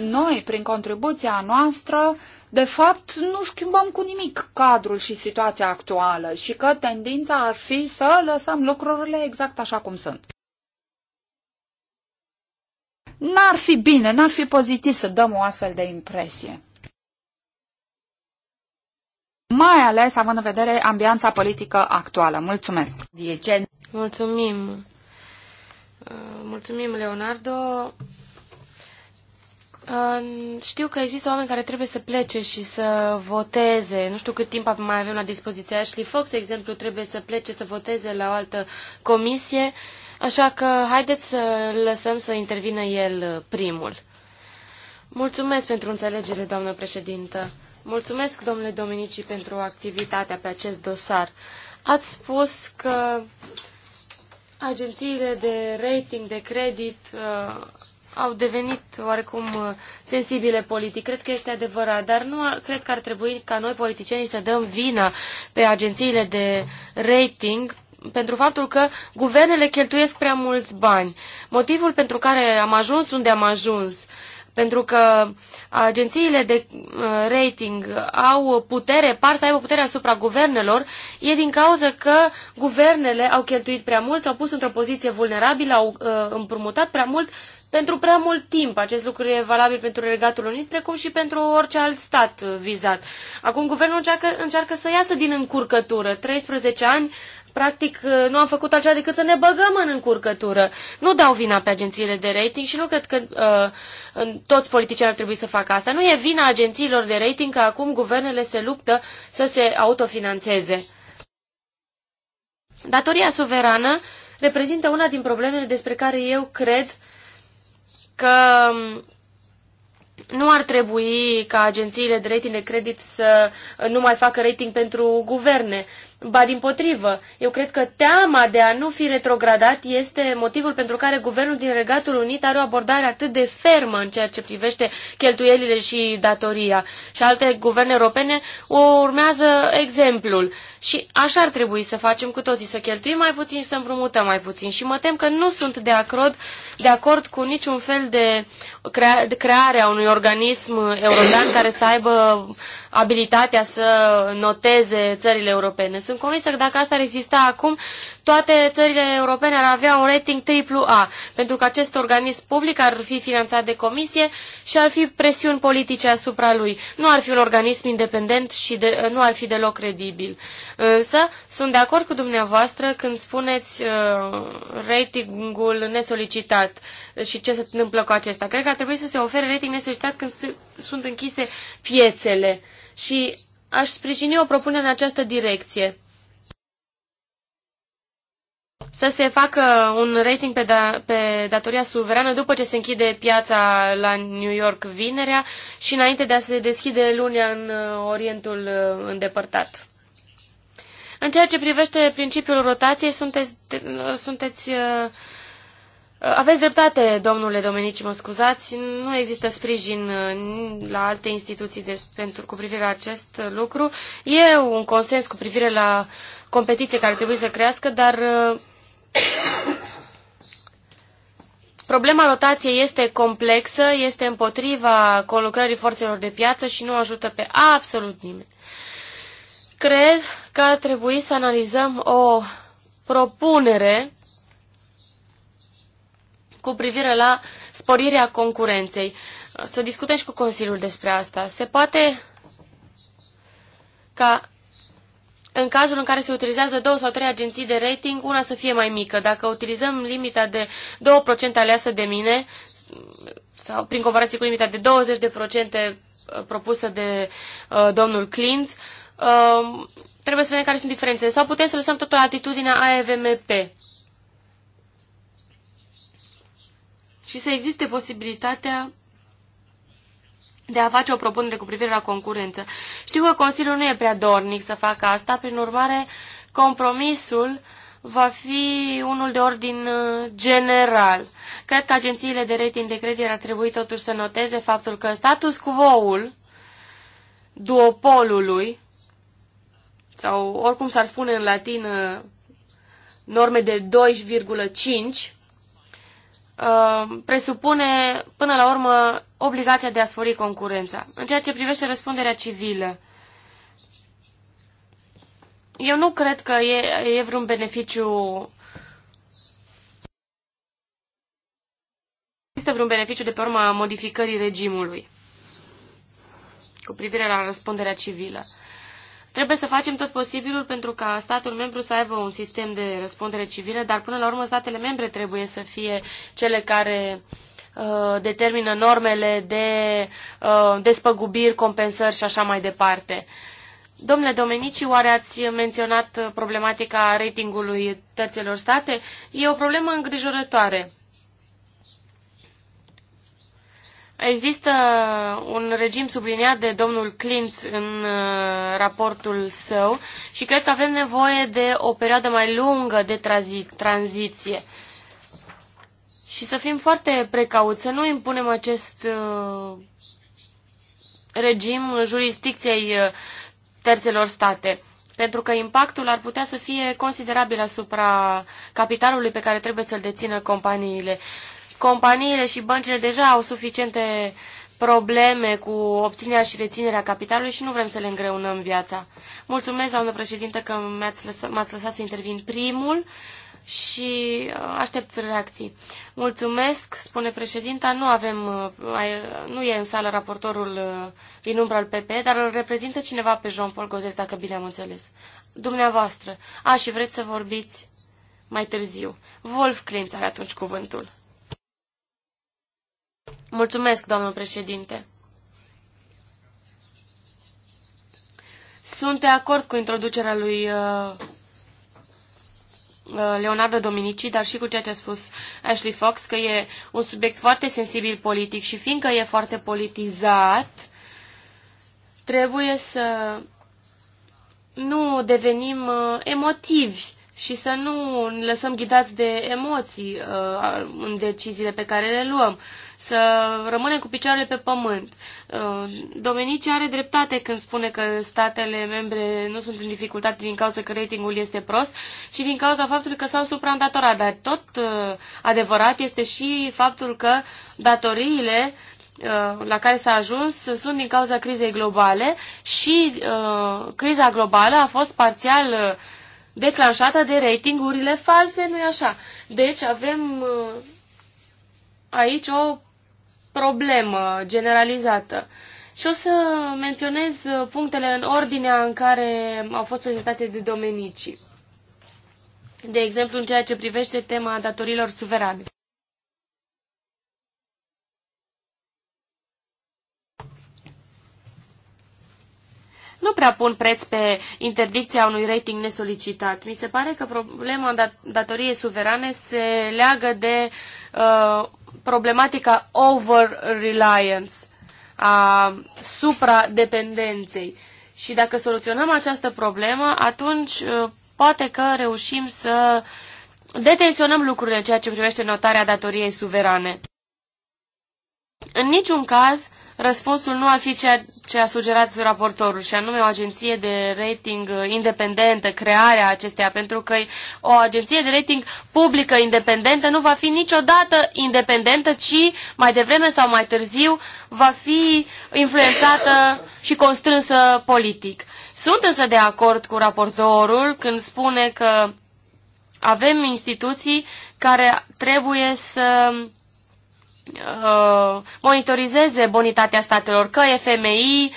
noi, prin contribuția noastră, de fapt, nu schimbăm cu nimic cadrul și situația actuală și că tendința ar fi să lăsăm lucrurile exact așa cum sunt. N-ar fi bine, n-ar fi pozitiv să dăm o astfel de impresie. Mai ales având în vedere ambianța politică actuală. Mulțumesc! Diecen. Mulțumim! Uh, mulțumim, Leonardo! Uh, știu că există oameni care trebuie să plece și să voteze. Nu știu cât timp mai avem la dispoziție. Ashley Fox, de exemplu, trebuie să plece să voteze la o altă comisie. Așa că haideți să lăsăm să intervină el uh, primul. Mulțumesc pentru înțelegere, doamnă președintă. Mulțumesc, domnule Dominici, pentru activitatea pe acest dosar. Ați spus că agențiile de rating, de credit, uh, au devenit oarecum uh, sensibile politic. Cred că este adevărat, dar nu ar, cred că ar trebui ca noi politicienii să dăm vina pe agențiile de rating pentru faptul că guvernele cheltuiesc prea mulți bani. Motivul pentru care am ajuns unde am ajuns pentru că agențiile de uh, rating au putere, par să aibă putere asupra guvernelor, e din cauza că guvernele au cheltuit prea mult, s-au pus într-o poziție vulnerabilă, au uh, împrumutat prea mult pentru prea mult timp. Acest lucru e valabil pentru Regatul Unit, precum și pentru orice alt stat vizat. Acum guvernul încearcă, încearcă să iasă din încurcătură. 13 ani Practic, uh, nu am făcut altceva decât să ne băgăm în încurcătură. Nu dau vina pe agențiile de rating și nu cred că uh, toți politicienii ar trebui să facă asta. Nu e vina agențiilor de rating că acum guvernele se luptă să se autofinanțeze. Datoria suverană reprezintă una din problemele despre care eu cred că um, nu ar trebui ca agențiile de rating de credit să nu mai facă rating pentru guverne. Ba din potrivă, eu cred că teama de a nu fi retrogradat este motivul pentru care guvernul din Regatul Unit are o abordare atât de fermă în ceea ce privește cheltuielile și datoria. Și alte guverne europene o urmează exemplul. Și așa ar trebui să facem cu toții, să cheltuim mai puțin și să împrumutăm mai puțin. Și mă tem că nu sunt de acord, de acord cu niciun fel de, crea, de creare a unui organism european care să aibă abilitatea să noteze țările europene. Sunt convinsă că dacă asta ar exista acum, toate țările europene ar avea un rating AAA, pentru că acest organism public ar fi finanțat de comisie și ar fi presiuni politice asupra lui. Nu ar fi un organism independent și de, nu ar fi deloc credibil. Însă, sunt de acord cu dumneavoastră când spuneți uh, ratingul nesolicitat și ce se întâmplă cu acesta. Cred că ar trebui să se ofere rating nesolicitat când sunt închise piețele și aș sprijini o propunere în această direcție. Să se facă un rating pe, da, pe datoria suverană după ce se închide piața la New York vinerea și înainte de a se deschide lunea în uh, Orientul uh, îndepărtat. În ceea ce privește principiul rotației, sunteți, uh, sunteți Uh, aveți dreptate, domnule Domenici, mă scuzați, nu există sprijin uh, la alte instituții de, pentru, cu privire la acest lucru. E un consens cu privire la competiție care trebuie să crească, dar uh, problema rotației este complexă, este împotriva conlucrării forțelor de piață și nu ajută pe absolut nimeni. Cred că ar trebui să analizăm o propunere cu privire la sporirea concurenței. Să discutăm și cu Consiliul despre asta. Se poate ca în cazul în care se utilizează două sau trei agenții de rating, una să fie mai mică. Dacă utilizăm limita de 2% aleasă de mine, sau prin comparație cu limita de 20% uh, propusă de uh, domnul Clint, uh, trebuie să vedem care sunt diferențele. Sau putem să lăsăm totul la atitudinea AEVMP. și să existe posibilitatea de a face o propunere cu privire la concurență. Știu că Consiliul nu e prea dornic să facă asta, prin urmare, compromisul va fi unul de ordin uh, general. Cred că agențiile de rating de credit ar trebui totuși să noteze faptul că status quo-ul duopolului, sau oricum s-ar spune în latină norme de 2,5, Uh, presupune, până la urmă, obligația de a spori concurența. În ceea ce privește răspunderea civilă, eu nu cred că e, e vreun beneficiu există vreun beneficiu de pe urma modificării regimului cu privire la răspunderea civilă. Trebuie să facem tot posibilul pentru ca statul membru să aibă un sistem de răspundere civilă, dar până la urmă statele membre trebuie să fie cele care uh, determină normele de uh, despăgubiri, compensări și așa mai departe. Domnule Domenici, oare ați menționat problematica ratingului terțelor state? E o problemă îngrijorătoare. Există un regim subliniat de domnul Clint în uh, raportul său și cred că avem nevoie de o perioadă mai lungă de trazi- tranziție. Și să fim foarte precauți, să nu impunem acest uh, regim jurisdicției uh, terțelor state, pentru că impactul ar putea să fie considerabil asupra capitalului pe care trebuie să-l dețină companiile companiile și băncile deja au suficiente probleme cu obținerea și reținerea capitalului și nu vrem să le îngreunăm viața. Mulțumesc, doamnă președinte, că m-ați lăsat, lăsat să intervin primul și uh, aștept reacții. Mulțumesc, spune președinta, nu avem, uh, nu e în sală raportorul uh, din umbra al PP, dar îl reprezintă cineva pe Jean-Paul Gozes, dacă bine am înțeles. Dumneavoastră. A, și vreți să vorbiți mai târziu. Wolf Klintz are atunci cuvântul. Mulțumesc, doamnă președinte. Sunt de acord cu introducerea lui uh, uh, Leonardo Dominici, dar și cu ceea ce a spus Ashley Fox, că e un subiect foarte sensibil politic și fiindcă e foarte politizat, trebuie să nu devenim uh, emotivi și să nu lăsăm ghidați de emoții în deciziile pe care le luăm să rămânem cu picioarele pe pământ. Uh, Domenici are dreptate când spune că statele membre nu sunt în dificultate din cauza că ratingul este prost și din cauza faptului că s-au supraîndatorat. Dar tot uh, adevărat este și faptul că datoriile uh, la care s-a ajuns sunt din cauza crizei globale și criza globală a fost parțial declanșată de ratingurile false, nu-i așa? Deci avem aici o problemă generalizată. Și o să menționez punctele în ordinea în care au fost prezentate de domenicii. De exemplu, în ceea ce privește tema datorilor suverane. nu prea pun preț pe interdicția unui rating nesolicitat. Mi se pare că problema dat datoriei suverane se leagă de uh, problematica over-reliance, a supra dependenței. Și dacă soluționăm această problemă, atunci uh, poate că reușim să detenționăm lucrurile în ceea ce privește notarea datoriei suverane. În niciun caz, uh, răspunsul nu ar fi ceea ce a sugerat raportorul, și anume o agenție de rating independentă, crearea acesteia, pentru că o agenție de rating publică independentă nu va fi niciodată independentă, ci mai devreme sau mai târziu va fi influențată și constrânsă politic. Sunt însă de acord cu raportorul când spune că avem instituții care trebuie să Uh, monitorizeze bonitatea statelor, că e FMI,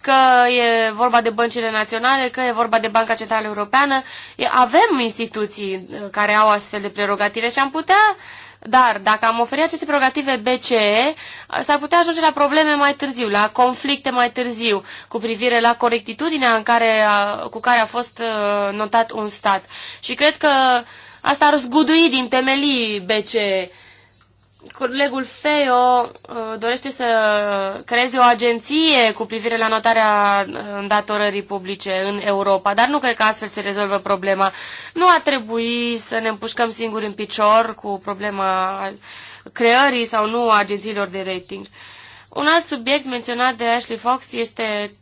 că e vorba de băncile naționale, că e vorba de Banca Centrală Europeană. Avem instituții uh, care au astfel de prerogative și am putea, dar dacă am oferit aceste prerogative BCE, uh, s-ar putea ajunge la probleme mai târziu, la conflicte mai târziu, cu privire la corectitudinea în care, cu care a fost notat un stat. Și cred că asta ar zgudui din temelii BCE. Colegul Feo uh, dorește să creeze o agenție cu privire la notarea uh, îndatorării publice în Europa, dar nu cred că astfel se rezolvă problema. Nu a trebui să ne împușcăm singuri în picior cu problema creării sau nu a agențiilor de rating. Un alt subiect menționat de Ashley Fox este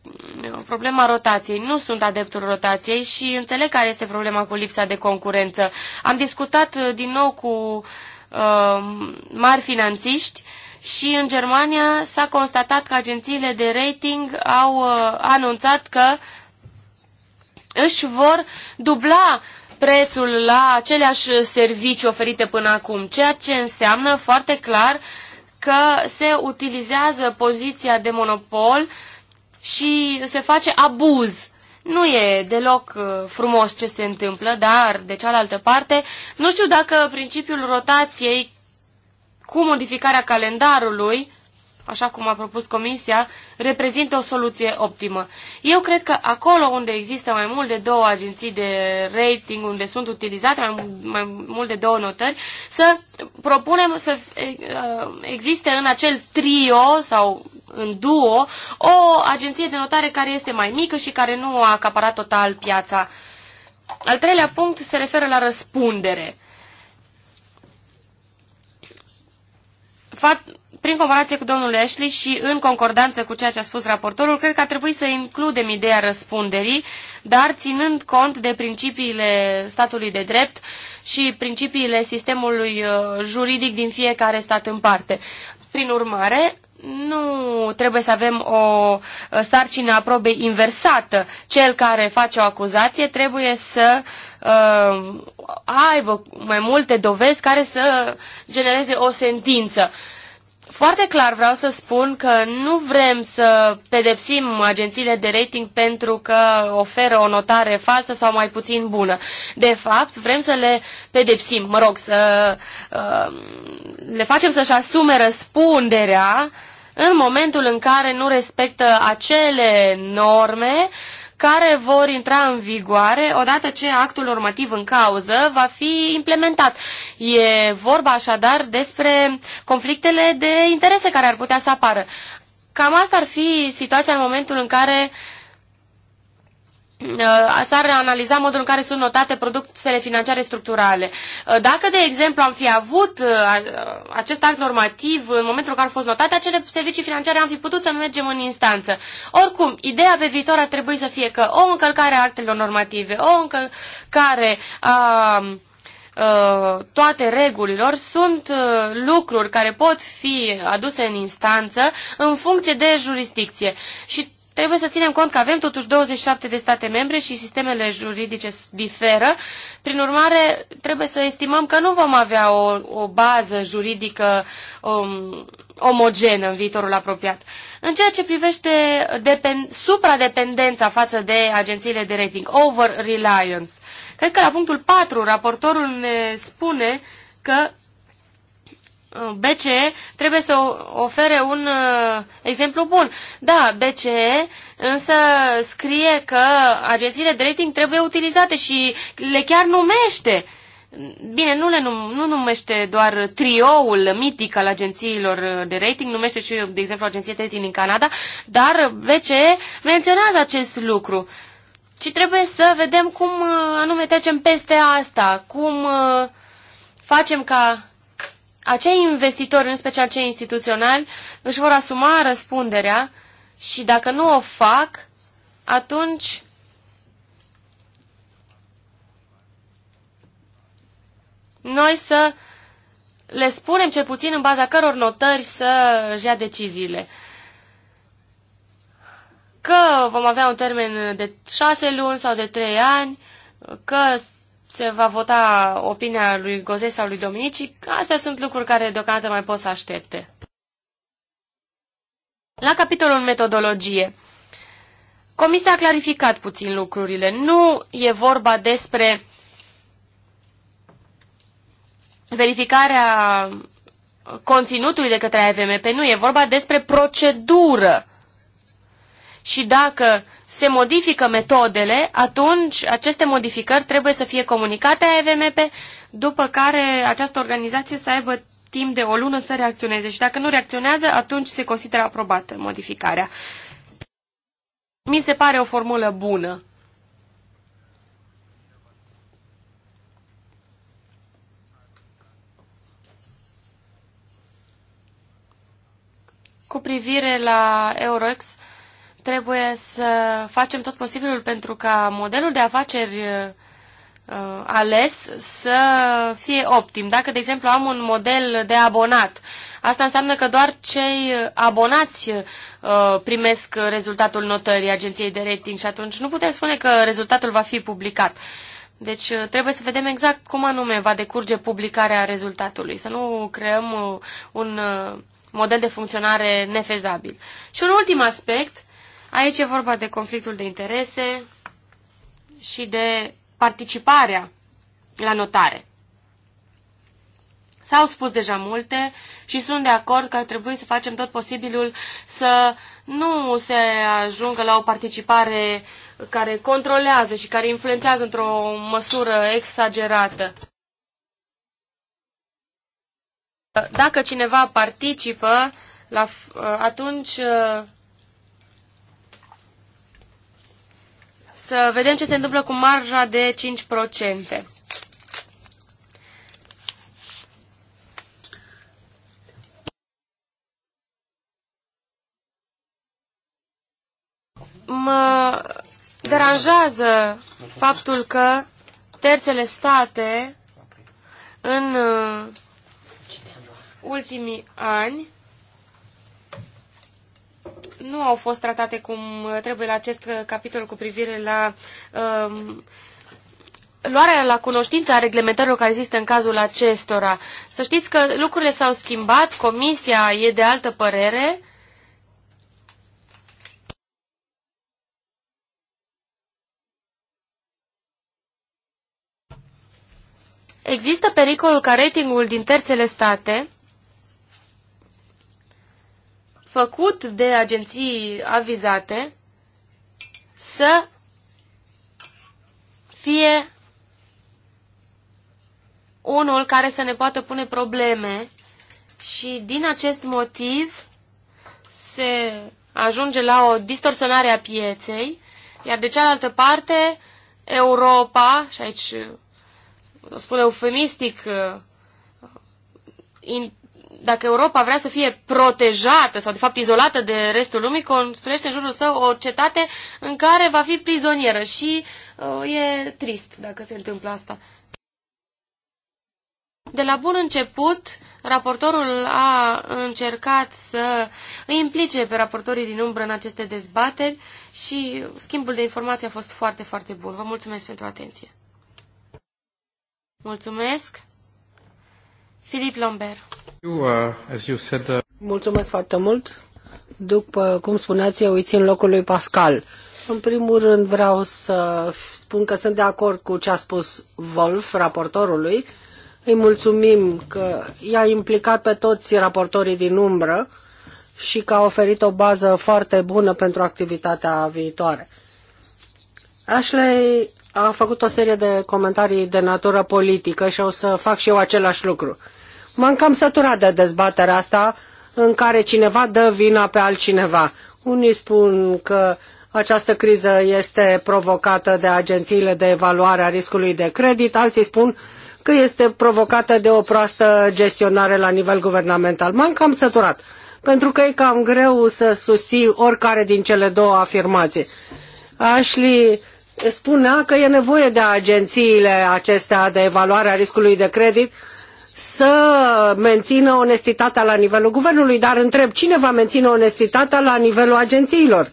uh, problema rotației. Nu sunt adeptul rotației și înțeleg care este problema cu lipsa de concurență. Am discutat din nou cu uh, Um, mari finanțiști și în Germania s-a constatat că agențiile de rating au uh, anunțat că își vor dubla prețul la aceleași servicii oferite până acum, ceea ce înseamnă foarte clar că se utilizează poziția de monopol și se face abuz nu e deloc uh, frumos ce se întâmplă, dar, de cealaltă parte, nu știu dacă principiul rotației cu modificarea calendarului așa cum a propus Comisia, reprezintă o soluție optimă. Eu cred că acolo unde există mai mult de două agenții de rating, unde sunt utilizate mai, mai mult de două notări, să propunem să uh, existe în acel trio sau în duo o agenție de notare care este mai mică și care nu a acaparat total piața. Al treilea punct se referă la răspundere. Fapt. Prin comparație cu domnul Ashley și în concordanță cu ceea ce a spus raportorul, cred că ar trebui să includem ideea răspunderii, dar ținând cont de principiile statului de drept și principiile sistemului uh, juridic din fiecare stat în parte. Prin urmare, nu trebuie să avem o uh, sarcină a probei inversată. Cel care face o acuzație trebuie să uh, aibă mai multe dovezi care să genereze o sentință foarte clar vreau să spun că nu vrem să pedepsim agențiile de rating pentru că oferă o notare falsă sau mai puțin bună. De fapt, vrem să le pedepsim, mă rog, să uh, le facem să-și asume răspunderea în momentul în care nu respectă acele norme uh, care vor intra în vigoare odată ce actul normativ în cauză va fi implementat. E vorba așadar despre conflictele de interese care ar putea să apară. Cam asta ar fi situația în momentul în care Uh, s-ar analiza modul în care sunt notate produsele financiare structurale. Uh, dacă, de exemplu, am fi avut uh, acest act normativ în momentul în care au fost notate acele servicii financiare, am fi putut să mergem în instanță. Oricum, ideea pe viitor ar trebui să fie că o încălcare a actelor normative, o încălcare a toate regulilor sunt lucruri care pot fi aduse în instanță în funcție de jurisdicție. Și trebuie să ținem cont că avem totuși 27 de state membre și sistemele juridice diferă. Prin urmare, trebuie să estimăm că nu vom avea o, o bază juridică um, omogenă în viitorul apropiat. În ceea ce privește depend, supradependența față de agențiile de rating, over-reliance, cred că la punctul 4 raportorul ne spune că BCE trebuie să ofere un uh, exemplu bun. Da, BCE însă scrie că agențiile de rating trebuie utilizate și le chiar numește. Bine, nu, le num- nu numește doar trioul mitic al agențiilor uh, de rating, numește și, de exemplu, agenția de rating din Canada, dar BCE menționează acest lucru. Și trebuie să vedem cum uh, anume trecem peste asta, cum facem ca acei investitori, în special cei instituționali, își vor asuma răspunderea și dacă nu o fac, atunci noi să le spunem cel puțin în baza căror notări să își ia deciziile. Că vom avea un termen de șase luni sau de trei ani, că se va vota opinia lui Gozei sau lui Dominici. Astea sunt lucruri care deocamdată mai pot să aștepte. La capitolul metodologie. Comisia a clarificat puțin lucrurile. Nu e vorba despre verificarea conținutului de către AVMP, nu, e vorba despre procedură și dacă se modifică metodele, atunci aceste modificări trebuie să fie comunicate a EVMP, după care această organizație să aibă timp de o lună să reacționeze și dacă nu reacționează, atunci se consideră aprobată modificarea. Mi se pare o formulă bună. Cu privire la Euroex, uh, trebuie să facem tot posibilul pentru ca modelul de afaceri uh, uh, ales să fie optim. Dacă, de exemplu, am un model de abonat, asta înseamnă că doar cei abonați uh, primesc rezultatul notării agenției de rating și atunci nu putem spune că rezultatul va fi publicat. Deci trebuie să vedem exact cum anume va decurge publicarea rezultatului, să nu creăm un model de funcționare nefezabil. Și un ultim aspect Aici e vorba de conflictul de interese și de participarea la notare. S-au spus deja multe și sunt de acord că ar trebui să facem tot posibilul să nu se ajungă la o participare care controlează și care influențează într-o măsură exagerată. Dacă cineva participă, la, atunci să vedem ce se întâmplă cu marja de 5%. Mă deranjează faptul că terțele state în uh, ultimii ani nu au fost tratate cum trebuie la acest capitol cu privire la um, luarea la cunoștință a reglementărilor care există în cazul acestora. Să știți că lucrurile s-au schimbat, comisia e de altă părere. Există pericolul ca ratingul din terțele state făcut de agenții avizate să fie unul care să ne poată pune probleme și din acest motiv se ajunge la o distorsionare a pieței, iar de cealaltă parte Europa, și aici o spun eufemistic, uh, dacă Europa vrea să fie protejată sau, de fapt, izolată de restul lumii, construiește în jurul său o cetate în care va fi prizonieră și uh, e trist dacă se întâmplă asta. De la bun început, raportorul a încercat să îi implice pe raportorii din umbră în aceste dezbateri și schimbul de informații a fost foarte, foarte bun. Vă mulțumesc pentru atenție. Mulțumesc. Filip You, uh, as you said, uh... Mulțumesc foarte mult. După cum spuneați, eu îi țin locul lui Pascal. În primul rând vreau să spun că sunt de acord cu ce a spus Wolf, raportorului. Îi mulțumim că i-a implicat pe toți raportorii din umbră și că a oferit o bază foarte bună pentru activitatea viitoare. Ashley a făcut o serie de comentarii de natură politică și o să fac și eu același lucru. M-am cam săturat de dezbaterea asta în care cineva dă vina pe altcineva. Unii spun că această criză este provocată de agențiile de evaluare a riscului de credit, alții spun că este provocată de o proastă gestionare la nivel guvernamental. M-am cam săturat, pentru că e cam greu să susții oricare din cele două afirmații. Ashley spunea că e nevoie de agențiile acestea de evaluare a riscului de credit să mențină onestitatea la nivelul guvernului, dar întreb cine va menține onestitatea la nivelul agențiilor.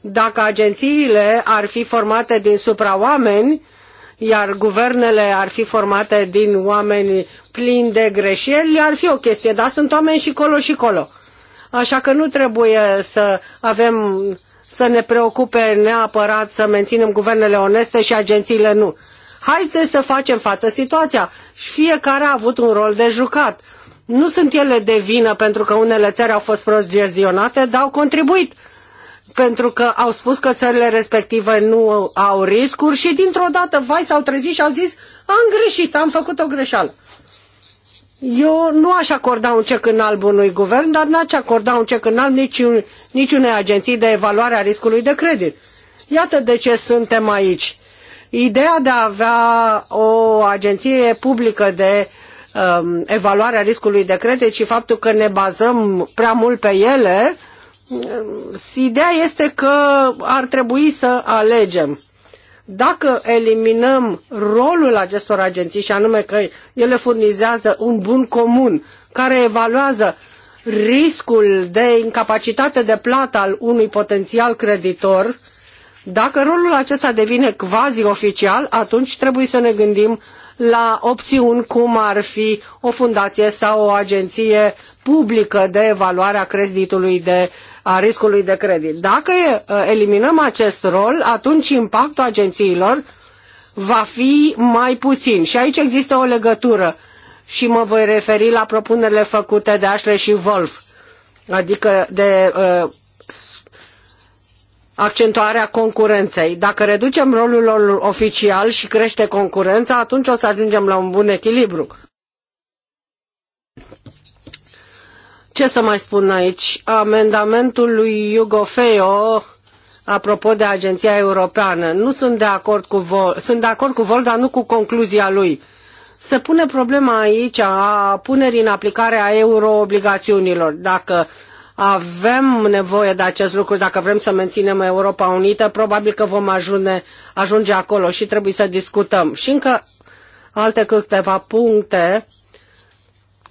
Dacă agențiile ar fi formate din supraoameni, iar guvernele ar fi formate din oameni plini de greșeli, ar fi o chestie, dar sunt oameni și colo și colo. Așa că nu trebuie să avem să ne preocupe neapărat să menținem guvernele oneste și agențiile nu. Haideți să facem față situația. Și fiecare a avut un rol de jucat. Nu sunt ele de vină pentru că unele țări au fost prost gestionate, dar au contribuit pentru că au spus că țările respective nu au riscuri și dintr-o dată vai s-au trezit și au zis am greșit, am făcut o greșeală. Eu nu aș acorda un cec în alb unui guvern, dar n-aș acorda un cec în alb niciun, niciunei agenții de evaluare a riscului de credit. Iată de ce suntem aici. Ideea de a avea o agenție publică de um, evaluare a riscului de credit și faptul că ne bazăm prea mult pe ele, um, ideea este că ar trebui să alegem dacă eliminăm rolul acestor agenții și anume că ele furnizează un bun comun care evaluează riscul de incapacitate de plată al unui potențial creditor dacă rolul acesta devine quasi-oficial, atunci trebuie să ne gândim la opțiuni cum ar fi o fundație sau o agenție publică de evaluare a creditului de a riscului de credit. Dacă ă, eliminăm acest rol, atunci impactul agențiilor va fi mai puțin. Și aici există o legătură și mă voi referi la propunerile făcute de Ashley și Wolf, adică de uh, accentuarea concurenței. Dacă reducem rolul lor oficial și crește concurența, atunci o să ajungem la un bun echilibru. Ce să mai spun aici? Amendamentul lui Hugo Feo apropo de Agenția Europeană. Nu sunt de acord cu Vol, sunt de acord cu Vol, dar nu cu concluzia lui. Se pune problema aici a punerii în aplicare a euroobligațiunilor. Dacă avem nevoie de acest lucru dacă vrem să menținem Europa Unită. Probabil că vom ajunge, ajunge acolo și trebuie să discutăm. Și încă alte câteva puncte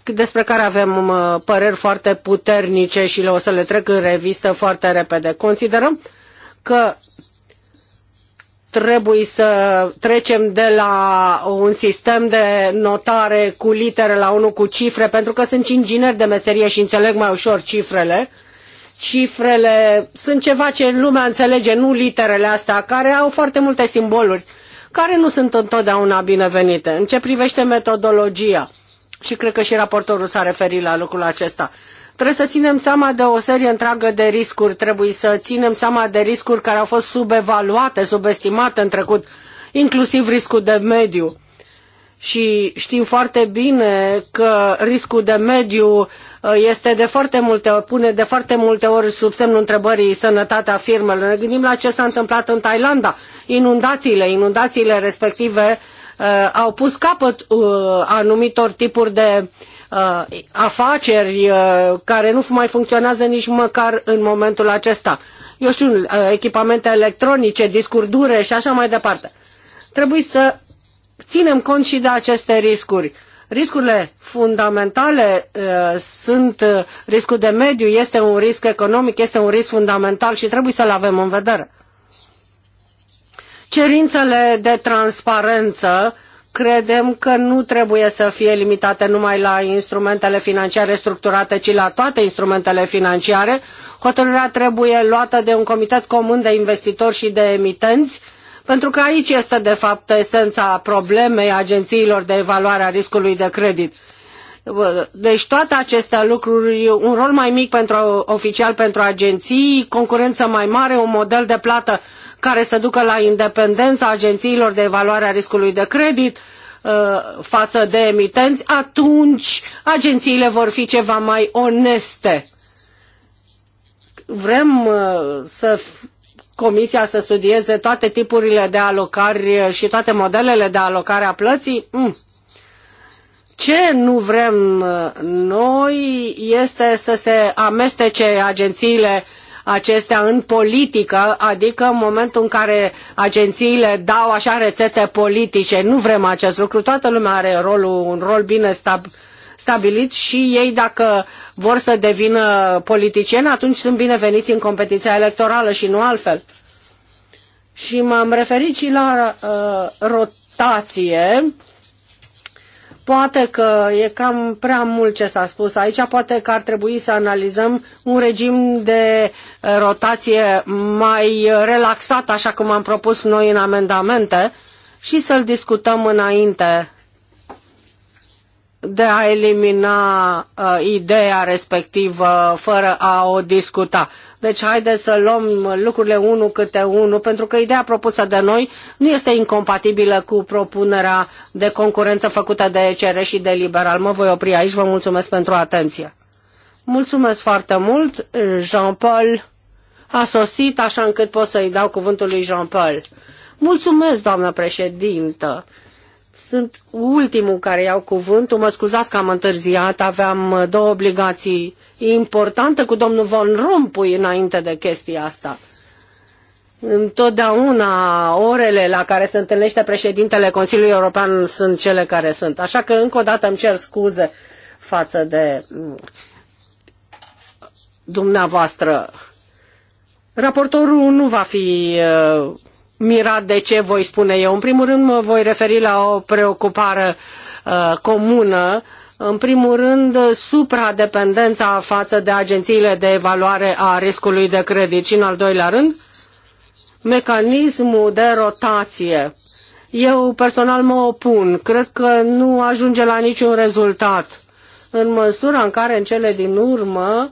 despre care avem păreri foarte puternice și le o să le trec în revistă foarte repede. Considerăm că trebuie să trecem de la un sistem de notare cu litere la unul cu cifre, pentru că sunt inginer de meserie și înțeleg mai ușor cifrele. Cifrele sunt ceva ce lumea înțelege, nu literele astea, care au foarte multe simboluri, care nu sunt întotdeauna binevenite. În ce privește metodologia, și cred că și raportorul s-a referit la lucrul acesta, Trebuie să ținem seama de o serie întreagă de riscuri, trebuie să ținem seama de riscuri care au fost subevaluate, subestimate în trecut, inclusiv riscul de mediu. Și știm foarte bine că riscul de mediu uh, este de foarte multe ori, pune de foarte multe ori sub semnul întrebării sănătatea firmelor. Ne gândim la ce s-a întâmplat în Thailanda. Inundațiile, inundațiile respective uh, au pus capăt uh, anumitor tipuri de uh, afaceri uh, care nu mai funcționează nici măcar în momentul acesta. Eu știu, uh, echipamente electronice, discuri dure și așa mai departe. Trebuie să ținem cont și de aceste riscuri. Riscurile fundamentale uh, sunt uh, riscul de mediu, este un risc economic, este un risc fundamental și trebuie să-l avem în vedere. Cerințele de transparență uh, credem că nu trebuie să fie limitate numai la instrumentele financiare structurate, ci la toate instrumentele financiare. Hotărârea trebuie luată de un comitet comun de investitori și de emitenți, pentru că aici este, de fapt, esența problemei agențiilor de evaluare a riscului de credit. Deci toate aceste lucruri, un rol mai mic pentru oficial pentru agenții, concurență mai mare, un model de plată care să ducă la independența agențiilor de evaluare a riscului de credit uh, față de emitenți, atunci agențiile vor fi ceva mai oneste. Vrem uh, să comisia să studieze toate tipurile de alocări și toate modelele de alocare a plății? Mm. Ce nu vrem uh, noi este să se amestece agențiile acestea în politică, adică în momentul în care agențiile dau așa rețete politice. Nu vrem acest lucru, toată lumea are rolul, un rol bine stabilit stabilit și ei dacă vor să devină politicieni, atunci sunt bineveniți în competiția electorală și nu altfel. Și m-am referit și la uh, rotație. Poate că e cam prea mult ce s-a spus aici, poate că ar trebui să analizăm un regim de eh, rotație mai relaxat, așa cum am propus noi în amendamente, și să-l discutăm înainte de a elimina uh, ideea respectivă fără a o discuta. Deci haideți să luăm lucrurile unul câte unul, pentru că ideea propusă de noi nu este incompatibilă cu propunerea de concurență făcută de ECR și de Liberal. Mă voi opri aici, vă mulțumesc pentru atenție. Mulțumesc foarte mult, Jean-Paul a sosit, așa încât pot să-i dau cuvântul lui Jean-Paul. Mulțumesc, doamnă președintă. Sunt ultimul care iau cuvântul. Mă scuzați că am întârziat. Aveam uh, două obligații importante cu domnul Von Rompuy înainte de chestia asta. Întotdeauna orele la care se întâlnește președintele Consiliului European sunt cele care sunt. Așa că încă o dată îmi cer scuze față de mm, dumneavoastră. Raportorul nu va fi uh, mirat de ce voi spune eu. În primul rând mă voi referi la o preocupare uh, comună în primul rând, supradependența față de agențiile de evaluare a riscului de credit și, în al doilea rând, mecanismul de rotație. Eu personal mă opun. Cred că nu ajunge la niciun rezultat. În măsura în care, în cele din urmă,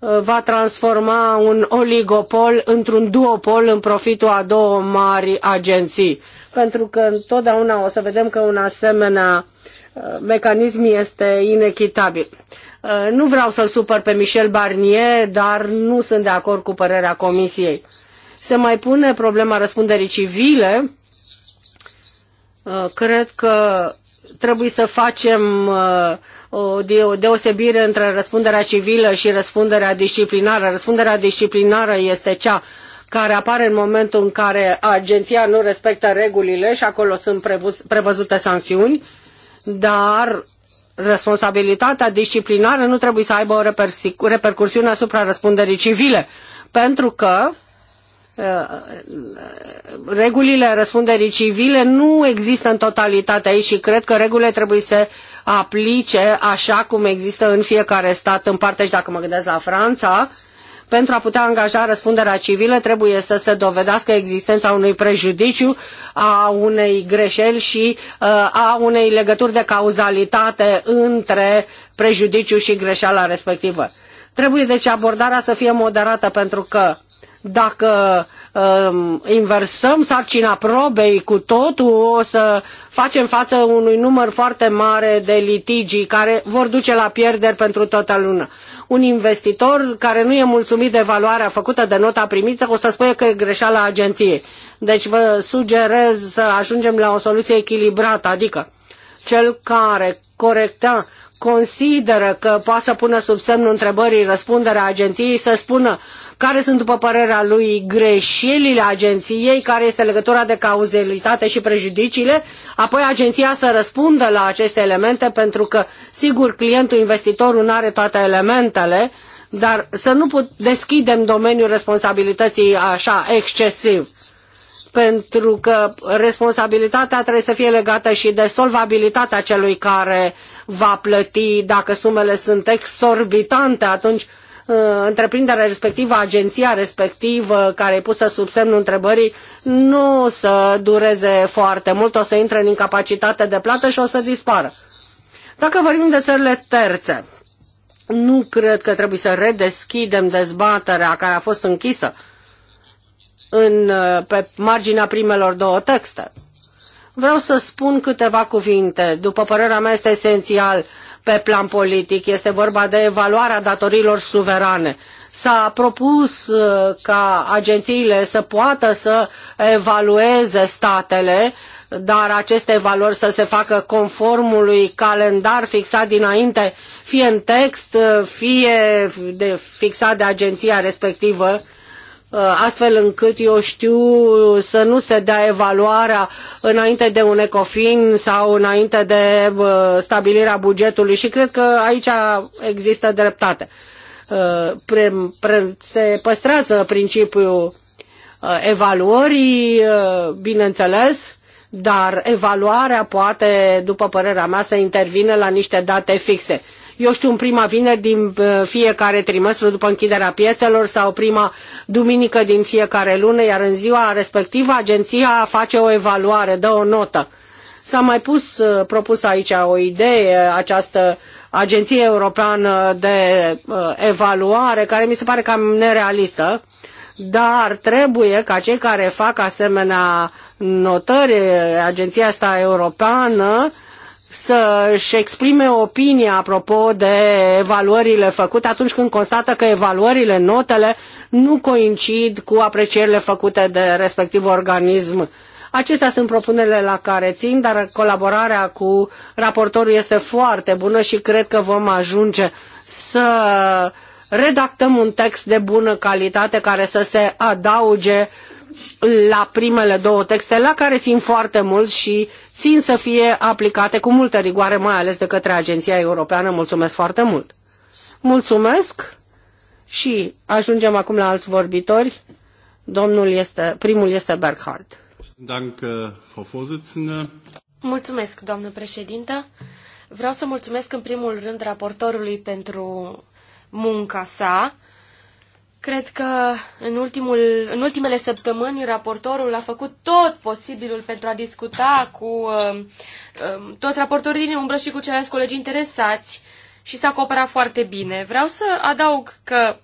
Uh, va transforma un oligopol într-un duopol în profitul a două mari agenții. Pentru că întotdeauna o să vedem că un asemenea uh, mecanism este inechitabil. Uh, nu vreau să-l supăr pe Michel Barnier, dar nu sunt de acord cu părerea Comisiei. Se mai pune problema răspunderii civile. Cred că trebuie să facem o deosebire între răspunderea civilă și răspunderea disciplinară. Răspunderea disciplinară este cea care apare în momentul în care agenția nu respectă regulile și acolo sunt prevăzute sancțiuni, dar responsabilitatea disciplinară nu trebuie să aibă o repercusiune asupra răspunderii civile, pentru că Uh, regulile răspunderii civile nu există în totalitate aici și cred că regulile trebuie să aplice așa cum există în fiecare stat în parte și dacă mă gândesc la Franța, pentru a putea angaja răspunderea civilă trebuie să se dovedească existența unui prejudiciu, a unei greșeli și uh, a unei legături de cauzalitate între prejudiciu și greșeala respectivă. Trebuie deci abordarea să fie moderată pentru că dacă um, inversăm sarcina probei cu totul, o să facem față unui număr foarte mare de litigii care vor duce la pierderi pentru toată luna. Un investitor care nu e mulțumit de valoarea făcută de nota primită o să spune că e greșeala agenției. Deci vă sugerez să ajungem la o soluție echilibrată, adică cel care corecta consideră că poate să pună sub semnul întrebării răspunderea agenției, să spună care sunt, după părerea lui, greșelile agenției, care este legătura de cauzalitate și prejudiciile, apoi agenția să răspundă la aceste elemente, pentru că, sigur, clientul, investitorul nu are toate elementele, dar să nu put, deschidem domeniul responsabilității așa excesiv pentru că responsabilitatea trebuie să fie legată și de solvabilitatea celui care va plăti. Dacă sumele sunt exorbitante, atunci uh, întreprinderea respectivă, agenția respectivă care e pusă sub semnul întrebării, nu o să dureze foarte mult, o să intre în incapacitate de plată și o să dispară. Dacă vorbim de țările terțe, nu cred că trebuie să redeschidem dezbaterea care a fost închisă în, uh, pe marginea primelor două texte. Vreau să spun câteva cuvinte. După părerea mea, este esențial pe plan politic. Este vorba de evaluarea datorilor suverane. S-a propus uh, ca agențiile să poată să evalueze statele, dar aceste evaluări să se facă conformului calendar fixat dinainte, fie în text, fie de, fixat de agenția respectivă Uh, astfel încât, eu știu, uh, să nu se dea evaluarea înainte de un ecofin sau înainte de uh, stabilirea bugetului și cred că aici există dreptate. se păstrează principiul evaluării, bineînțeles, dar evaluarea poate, după părerea mea, să intervine la niște date fixe eu știu, în prima vineri din fiecare trimestru după închiderea piețelor sau prima duminică din fiecare lună, iar în ziua respectivă agenția face o evaluare, dă o notă. S-a mai pus, uh, propus aici o idee, această agenție europeană de uh, evaluare, care mi se pare cam nerealistă, dar trebuie ca cei care fac asemenea notări, agenția asta europeană, să-și exprime opinia apropo de evaluările făcute atunci când constată că evaluările, notele nu coincid cu aprecierile făcute de respectiv organism. Acestea sunt propunerile la care țin, dar colaborarea cu raportorul este foarte bună și cred că vom ajunge să redactăm un text de bună calitate care să se adauge la primele două texte, la care țin foarte mult și țin să fie aplicate cu multă rigoare, mai ales de către Agenția Europeană. Mulțumesc foarte mult! Mulțumesc și ajungem acum la alți vorbitori. Domnul este, primul este Berghard. Mulțumesc, doamnă președintă. Vreau să mulțumesc în primul rând raportorului pentru munca sa. Cred că în, ultimul, în ultimele săptămâni raportorul a făcut tot posibilul pentru a discuta cu uh, uh, toți raportorii din umbră și cu ceilalți colegi interesați și s-a cooperat foarte bine. Vreau să adaug că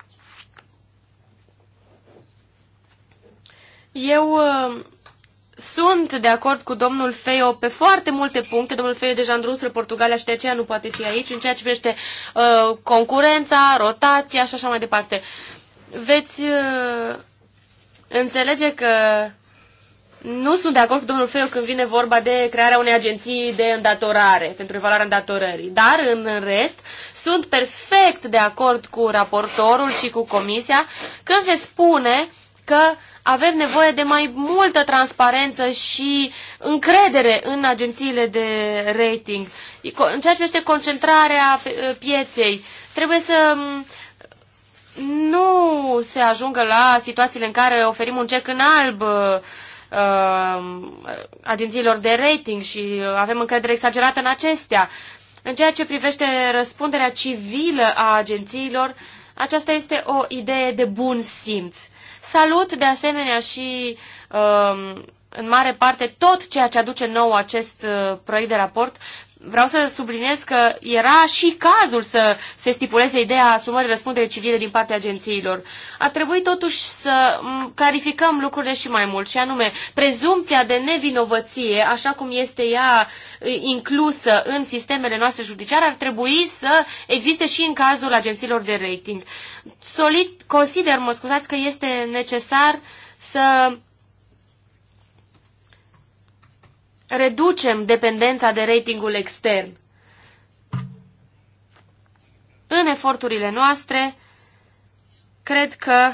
eu uh, sunt de acord cu domnul Feio pe foarte multe puncte. Domnul Feio deja în Portugalia și de aceea nu poate fi aici, în ceea ce privește uh, concurența, rotația și așa mai departe. Uh, veți uh, înțelege că nu sunt de acord cu domnul Feu când vine vorba de crearea unei agenții de îndatorare, pentru evaluarea îndatorării. Dar, în rest, sunt perfect de acord cu raportorul și cu comisia când se spune că avem nevoie de mai multă transparență și încredere în agențiile de rating. În ceea ce privește concentrarea uh, pieței, trebuie să mm, nu se ajungă la situațiile în care oferim un cec în alb uh, agențiilor de rating și avem încredere exagerată în acestea. În ceea ce privește răspunderea civilă a agențiilor, aceasta este o idee de bun simț. Salut de asemenea și uh, în mare parte tot ceea ce aduce nou acest uh, proiect de raport, vreau să subliniez că era și cazul să se stipuleze ideea asumării răspunderii civile din partea agențiilor. A trebuit totuși să clarificăm lucrurile și mai mult, și anume prezumția de nevinovăție, așa cum este ea inclusă în sistemele noastre judiciare, ar trebui să existe și în cazul agențiilor de rating. Solid, consider, mă scuzați, că este necesar să reducem dependența de ratingul extern. În eforturile noastre, cred că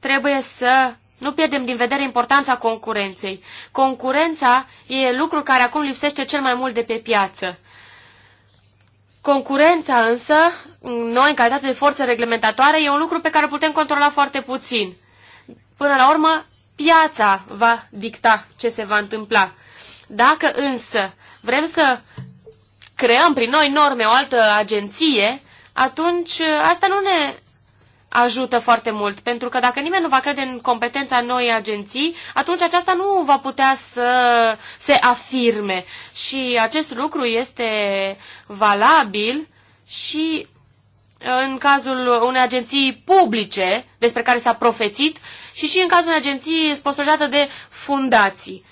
trebuie să nu pierdem din vedere importanța concurenței. Concurența e lucrul care acum lipsește cel mai mult de pe piață. Concurența însă, noi în calitate de forță reglementatoare, e un lucru pe care putem controla foarte puțin. Până la urmă, piața va dicta ce se va întâmpla. Dacă însă vrem să creăm prin noi norme o altă agenție, atunci uh, asta nu ne ajută foarte mult, pentru că dacă nimeni nu va crede în competența noi agenții, atunci aceasta nu va putea să se afirme. Și acest lucru este valabil și în cazul unei agenții publice despre care s-a profețit și și în cazul unei agenții sponsorizată de fundații.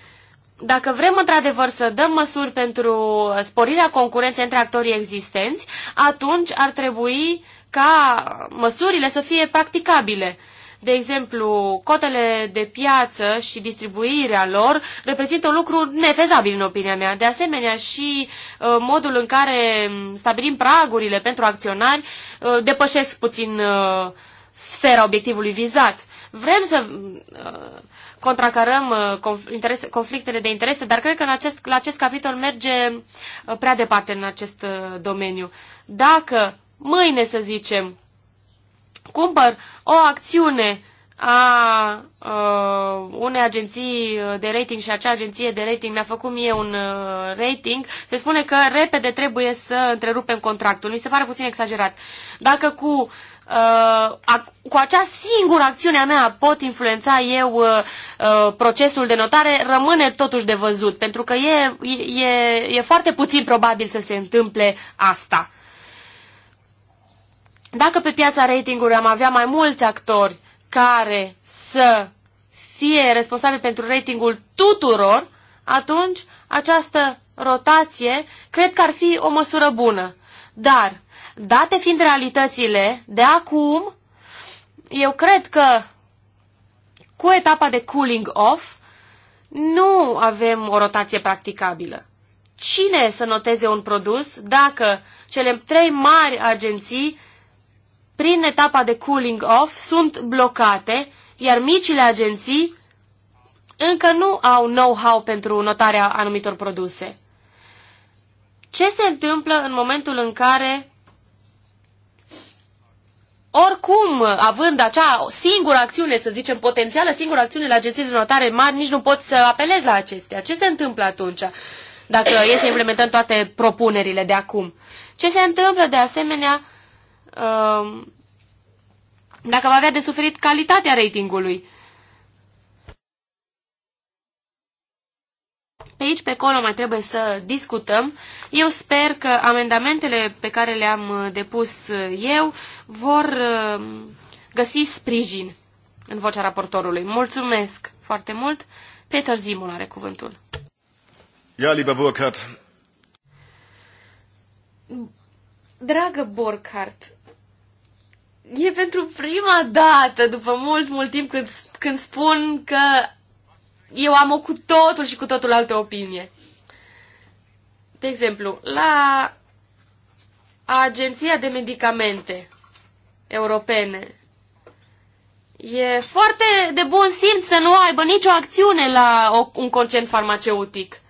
Dacă vrem într-adevăr să dăm măsuri pentru sporirea concurenței între actorii existenți, atunci ar trebui ca măsurile să fie practicabile. De exemplu, cotele de piață și distribuirea lor reprezintă un lucru nefezabil în opinia mea. De asemenea și uh, modul în care stabilim pragurile pentru acționari uh, depășesc puțin uh, sfera obiectivului vizat. Vrem să contracarăm conflictele de interese, dar cred că în acest, la acest capitol merge prea departe în acest domeniu. Dacă mâine, să zicem, cumpăr o acțiune a uh, unei agenții de rating și acea agenție de rating mi-a făcut mie un uh, rating, se spune că repede trebuie să întrerupem contractul. Mi se pare puțin exagerat. Dacă cu, uh, cu acea singură acțiune a mea pot influența eu uh, uh, procesul de notare, rămâne totuși de văzut, pentru că e, e, e foarte puțin probabil să se întâmple asta. Dacă pe piața ratingului am avea mai mulți actori care să fie responsabili pentru ratingul tuturor, atunci această rotație cred că ar fi o măsură bună. Dar, date fiind realitățile de acum, eu cred că cu etapa de cooling off nu avem o rotație practicabilă. Cine să noteze un produs dacă cele trei mari agenții prin etapa de cooling off sunt blocate, iar micile agenții încă nu au know-how pentru notarea anumitor produse. Ce se întâmplă în momentul în care, oricum, având acea singură acțiune, să zicem, potențială singură acțiune la agenții de notare mari, nici nu pot să apelez la acestea? Ce se întâmplă atunci, dacă e să implementăm toate propunerile de acum? Ce se întâmplă, de asemenea, Um, dacă va avea de suferit calitatea ratingului. Pe aici, pe acolo, mai trebuie să discutăm. Eu sper că amendamentele pe care le-am uh, depus uh, eu vor uh, găsi sprijin în vocea raportorului. Mulțumesc foarte mult. Peter Zimul are cuvântul. Ja, liber Burkhardt. Dragă Burkhardt, e pentru prima dată, după mult, mult timp, când, când spun că eu am o cu totul și cu totul altă opinie. De exemplu, la Agenția de Medicamente Europene e foarte de bun simț să nu aibă nicio acțiune la o, un concent farmaceutic.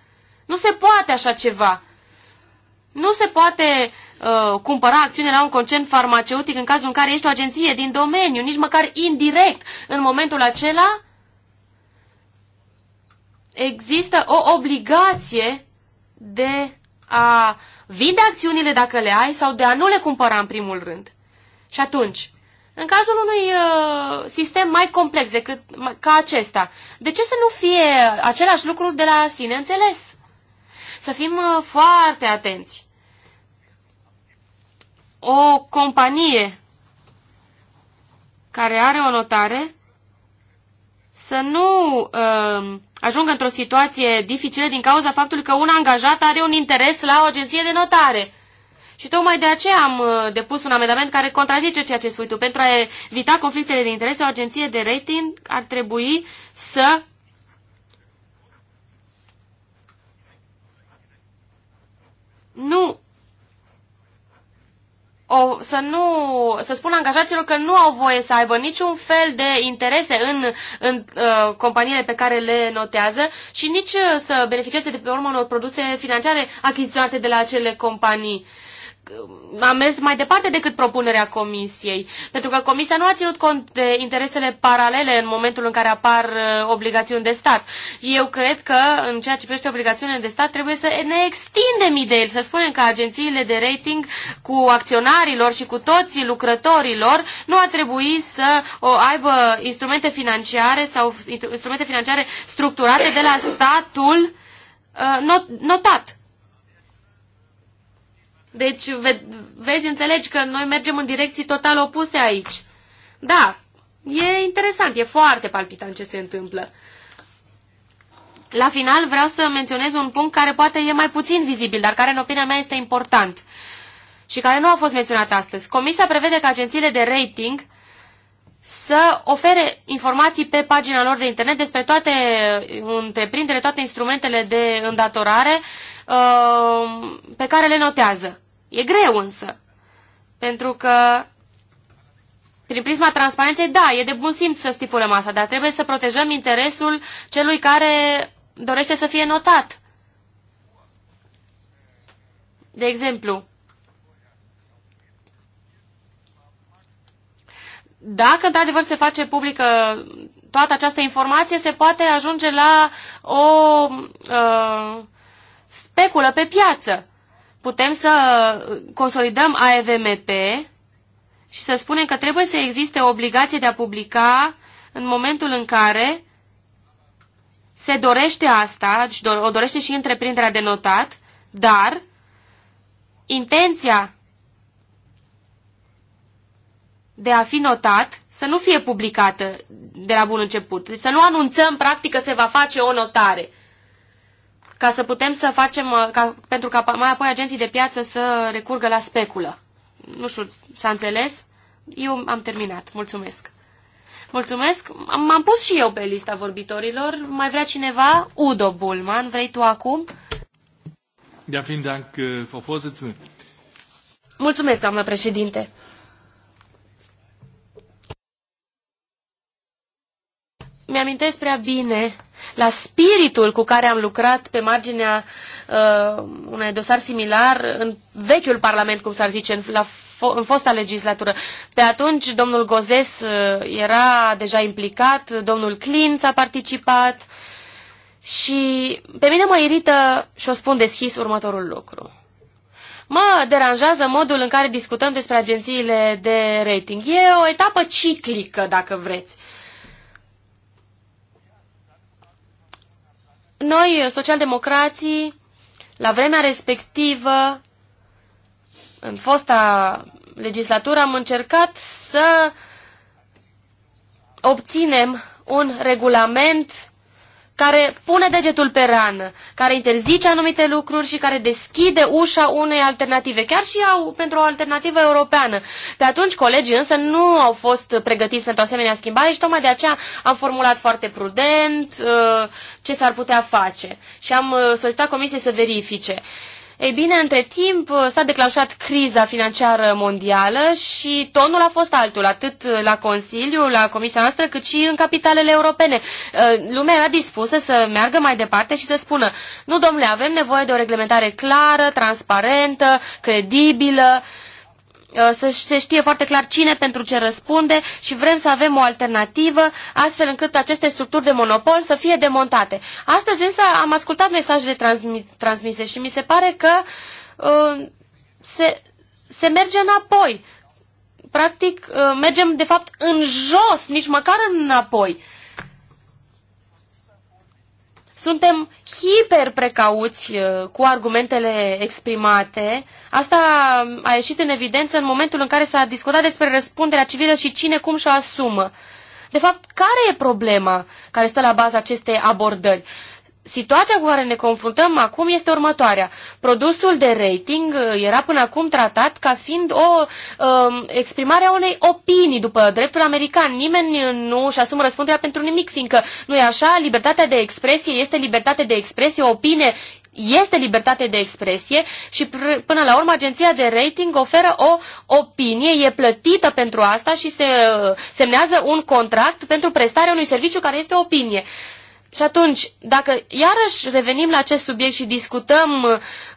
Nu se poate așa ceva. Nu se poate Uh, cumpăra acțiune la un concern farmaceutic în cazul în care ești o agenție din domeniu, nici măcar indirect în momentul acela există o obligație de a vinde acțiunile dacă le ai sau de a nu le cumpăra în primul rând. Și atunci, în cazul unui uh, sistem mai complex decât ca acesta, de ce să nu fie același lucru de la sine înțeles? Să fim uh, foarte atenți o companie care are o notare să nu uh, ajungă într-o situație dificilă din cauza faptului că un angajat are un interes la o agenție de notare. Și tocmai de aceea am uh, depus un amendament care contrazice ceea ce spui tu. Pentru a evita conflictele de interese, o agenție de rating ar trebui să nu o, să nu să spun angajaților că nu au voie să aibă niciun fel de interese în, în uh, companiile pe care le notează și nici să beneficieze de pe urmă unor produse financiare achiziționate de la acele companii. Uh, am mers mai departe decât propunerea comisiei, pentru că comisia nu a ținut cont de interesele paralele în momentul în care apar uh, obligațiuni de stat. Eu cred că în ceea ce privește obligațiunile de stat trebuie să ne extindem ideile, să spunem că agențiile de rating cu acționarilor și cu toți lucrătorilor nu ar trebui să o aibă instrumente financiare sau instrumente financiare structurate de la statul uh, not, notat deci, ve vezi, înțelegi că noi mergem în direcții total opuse aici. Da, e interesant, e foarte palpitant ce se întâmplă. La final vreau să menționez un punct care poate e mai puțin vizibil, dar care în opinia mea este important și care nu a fost menționat astăzi. Comisia prevede că agențiile de rating să ofere informații pe pagina lor de internet despre toate întreprinderile, toate instrumentele de îndatorare, Uh, pe care le notează. E greu însă, pentru că prin prisma transparenței, da, e de bun simț să stipulăm asta, dar trebuie să protejăm interesul celui care dorește să fie notat. De exemplu, dacă într-adevăr se face publică toată această informație, se poate ajunge la o uh, speculă pe piață. Putem să uh, consolidăm AEVMP și să spunem că trebuie să existe o obligație de a publica în momentul în care se dorește asta, și deci o dorește și întreprinderea de notat, dar intenția de a fi notat să nu fie publicată de la bun început. Deci să nu anunțăm, practic, că se va face o notare ca să putem să facem, uh, ca, pentru ca mai apoi agenții de piață să recurgă la speculă. Nu știu, s-a înțeles? Eu am terminat. Mulțumesc. Mulțumesc. M-am pus și eu pe lista vorbitorilor. Mai vrea cineva? Udo Bulman, vrei tu acum? Ja, vielen Dank, uh, Frau Vorsitzende. Mulțumesc, doamnă președinte. Mi-amintesc prea bine la spiritul cu care am lucrat pe marginea uh, unui dosar similar în vechiul Parlament, cum s-ar zice, în, la fo- în fosta legislatură. Pe atunci, domnul Gozes uh, era deja implicat, domnul Clinț a participat și pe mine mă irită și o spun deschis următorul lucru. Mă deranjează modul în care discutăm despre agențiile de rating. E o etapă ciclică, dacă vreți. Uh, Noi, socialdemocrații, la vremea respectivă, în fosta legislatură, am încercat să obținem un regulament care pune degetul pe rană, care interzice anumite lucruri și care deschide ușa unei alternative, chiar și au, pentru o alternativă europeană. Pe atunci colegii însă nu au fost pregătiți pentru asemenea schimbare și tocmai de aceea am formulat foarte prudent uh, ce s-ar putea face și am uh, solicitat comisiei să verifice. Ei bine, între timp uh, s-a declanșat criza financiară mondială și tonul a fost altul, atât la Consiliu, la Comisia noastră, cât și în capitalele europene. Uh, lumea era dispusă să meargă mai departe și să spună, nu domnule, avem nevoie de o reglementare clară, transparentă, credibilă, Uh, să se știe foarte clar cine pentru ce răspunde și vrem să avem o alternativă astfel încât aceste structuri de monopol să fie demontate. Astăzi însă am ascultat mesajele transmi transmise și mi se pare că uh, se, se merge înapoi. Practic, uh, mergem de fapt în jos, nici măcar înapoi. Uh, suntem hiper precauți uh, cu argumentele exprimate. Asta a ieșit în evidență în momentul în care s-a discutat despre răspunderea civilă și cine cum și-o asumă. De fapt, care e problema care stă la baza acestei abordări? situația cu care ne confruntăm acum este următoarea. Produsul de rating uh, era până acum tratat ca fiind o um, exprimare a unei opinii după dreptul american. Nimeni nu își asumă răspunderea pentru nimic, fiindcă nu e așa, libertatea de expresie este libertate de expresie, opinie este libertate de expresie și până la urmă agenția de rating oferă o opinie, e plătită pentru asta și se uh, semnează un contract pentru prestarea unui serviciu care este o opinie. Și atunci, dacă iarăși revenim la acest subiect și discutăm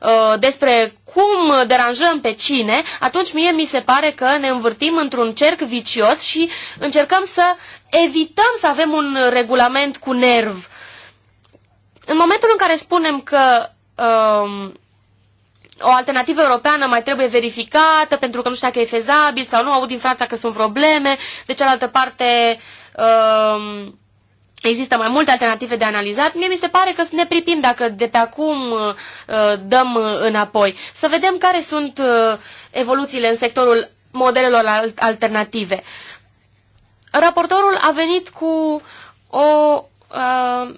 uh, despre cum deranjăm pe cine, atunci mie mi se pare că ne învârtim într-un cerc vicios și încercăm să evităm să avem un regulament cu nerv. În momentul în care spunem că uh, o alternativă europeană mai trebuie verificată pentru că nu știu dacă e fezabil sau nu, aud din Franța că sunt probleme, de cealaltă parte... uh, Există mai multe alternative de analizat. Mie mi se pare că ne pripim dacă de pe acum uh, dăm uh, înapoi. Să vedem care sunt uh, evoluțiile în sectorul modelelor alternative. Raportorul a venit cu o uh,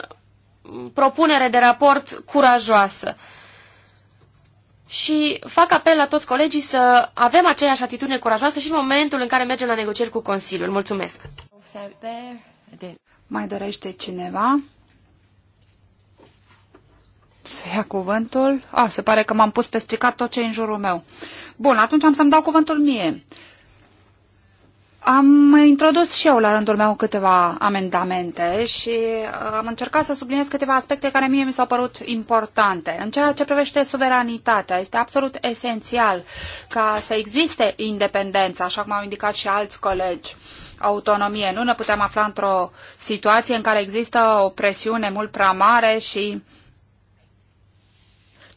propunere de raport curajoasă. Și fac apel la toți colegii să avem aceeași atitudine curajoasă și în momentul în care mergem la negocieri cu Consiliul. Mulțumesc! Mai dorește cineva? să ia cuvântul. Ah, se pare că m-am pus pe stricat tot ce în jurul meu. Bun, atunci am să-mi dau cuvântul mie. Am introdus și eu la rândul meu câteva amendamente și uh, am încercat să subliniez câteva aspecte care mie mi s-au părut importante. În ceea ce privește suveranitatea, este absolut esențial ca să existe independență, așa cum au indicat și alți colegi, autonomie. Nu ne putem afla într-o situație în care există o presiune mult prea mare și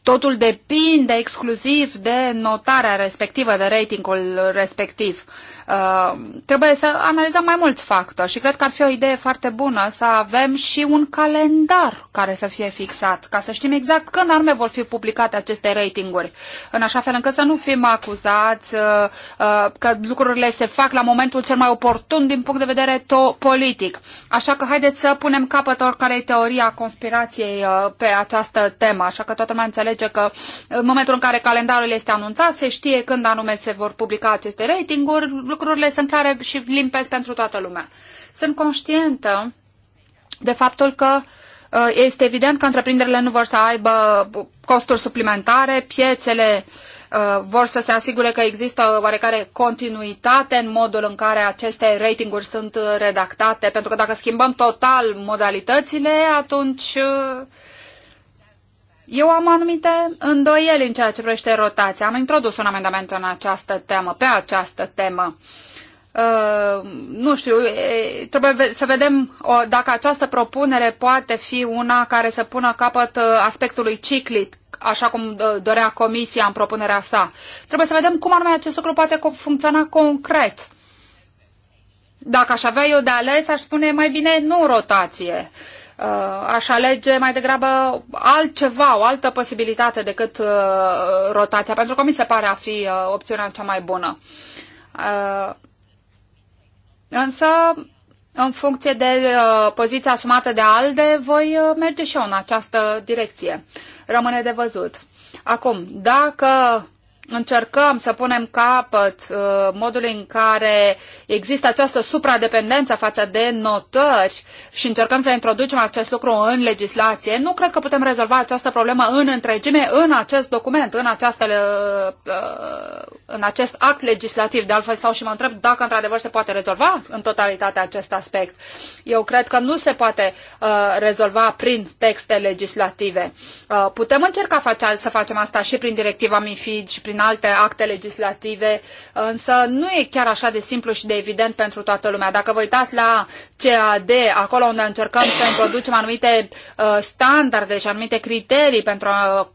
totul depinde exclusiv de notarea respectivă, de ratingul respectiv. Uh, trebuie să analizăm mai mulți factori și cred că ar fi o idee foarte bună să avem și un calendar care să fie fixat, ca să știm exact când anume vor fi publicate aceste ratinguri, în așa fel încât să nu fim acuzați uh, uh, că lucrurile se fac la momentul cel mai oportun din punct de vedere politic. Așa că haideți să punem capăt oricare e teoria conspirației uh, pe această temă, așa că toată lumea înțelege că în momentul în care calendarul este anunțat, se știe când anume se vor publica aceste ratinguri, lucrurile sunt clare și limpezi pentru toată lumea. Sunt conștientă de faptul că uh, este evident că întreprinderile nu vor să aibă costuri suplimentare, piețele uh, vor să se asigure că există oarecare continuitate în modul în care aceste ratinguri sunt redactate, pentru că dacă schimbăm total modalitățile, atunci uh, eu am anumite îndoieli în ceea ce privește rotația. Am introdus un amendament în această temă, pe această temă. Uh, nu știu, trebuie să vedem o, dacă această propunere poate fi una care să pună capăt uh, aspectului ciclic, așa cum uh, dorea Comisia în propunerea sa. Trebuie să vedem cum anume acest lucru poate funcționa concret. Dacă aș avea eu de ales, aș spune mai bine nu rotație. Uh, Uh, aș alege mai degrabă altceva, o altă posibilitate decât uh, rotația, pentru că mi se pare a fi uh, opțiunea cea mai bună. Însă, în funcție de poziția asumată de ALDE, voi merge și eu în această direcție. Rămâne de văzut. Acum, dacă încercăm să punem capăt uh, modului în care există această supradependență față de notări și încercăm să introducem acest lucru în legislație, nu cred că putem rezolva această problemă în întregime în acest document, în, această, uh, uh în acest act legislativ. De altfel stau și mă întreb dacă într-adevăr se poate rezolva în totalitate acest aspect. Eu cred că nu se poate uh, rezolva prin texte legislative. Uh, putem încerca face, să facem asta și prin directiva MIFID și prin alte acte legislative, însă nu e chiar așa de simplu și de evident pentru toată lumea. Dacă vă uitați la CAD, acolo unde încercăm să introducem anumite uh, standarde și anumite criterii pentru a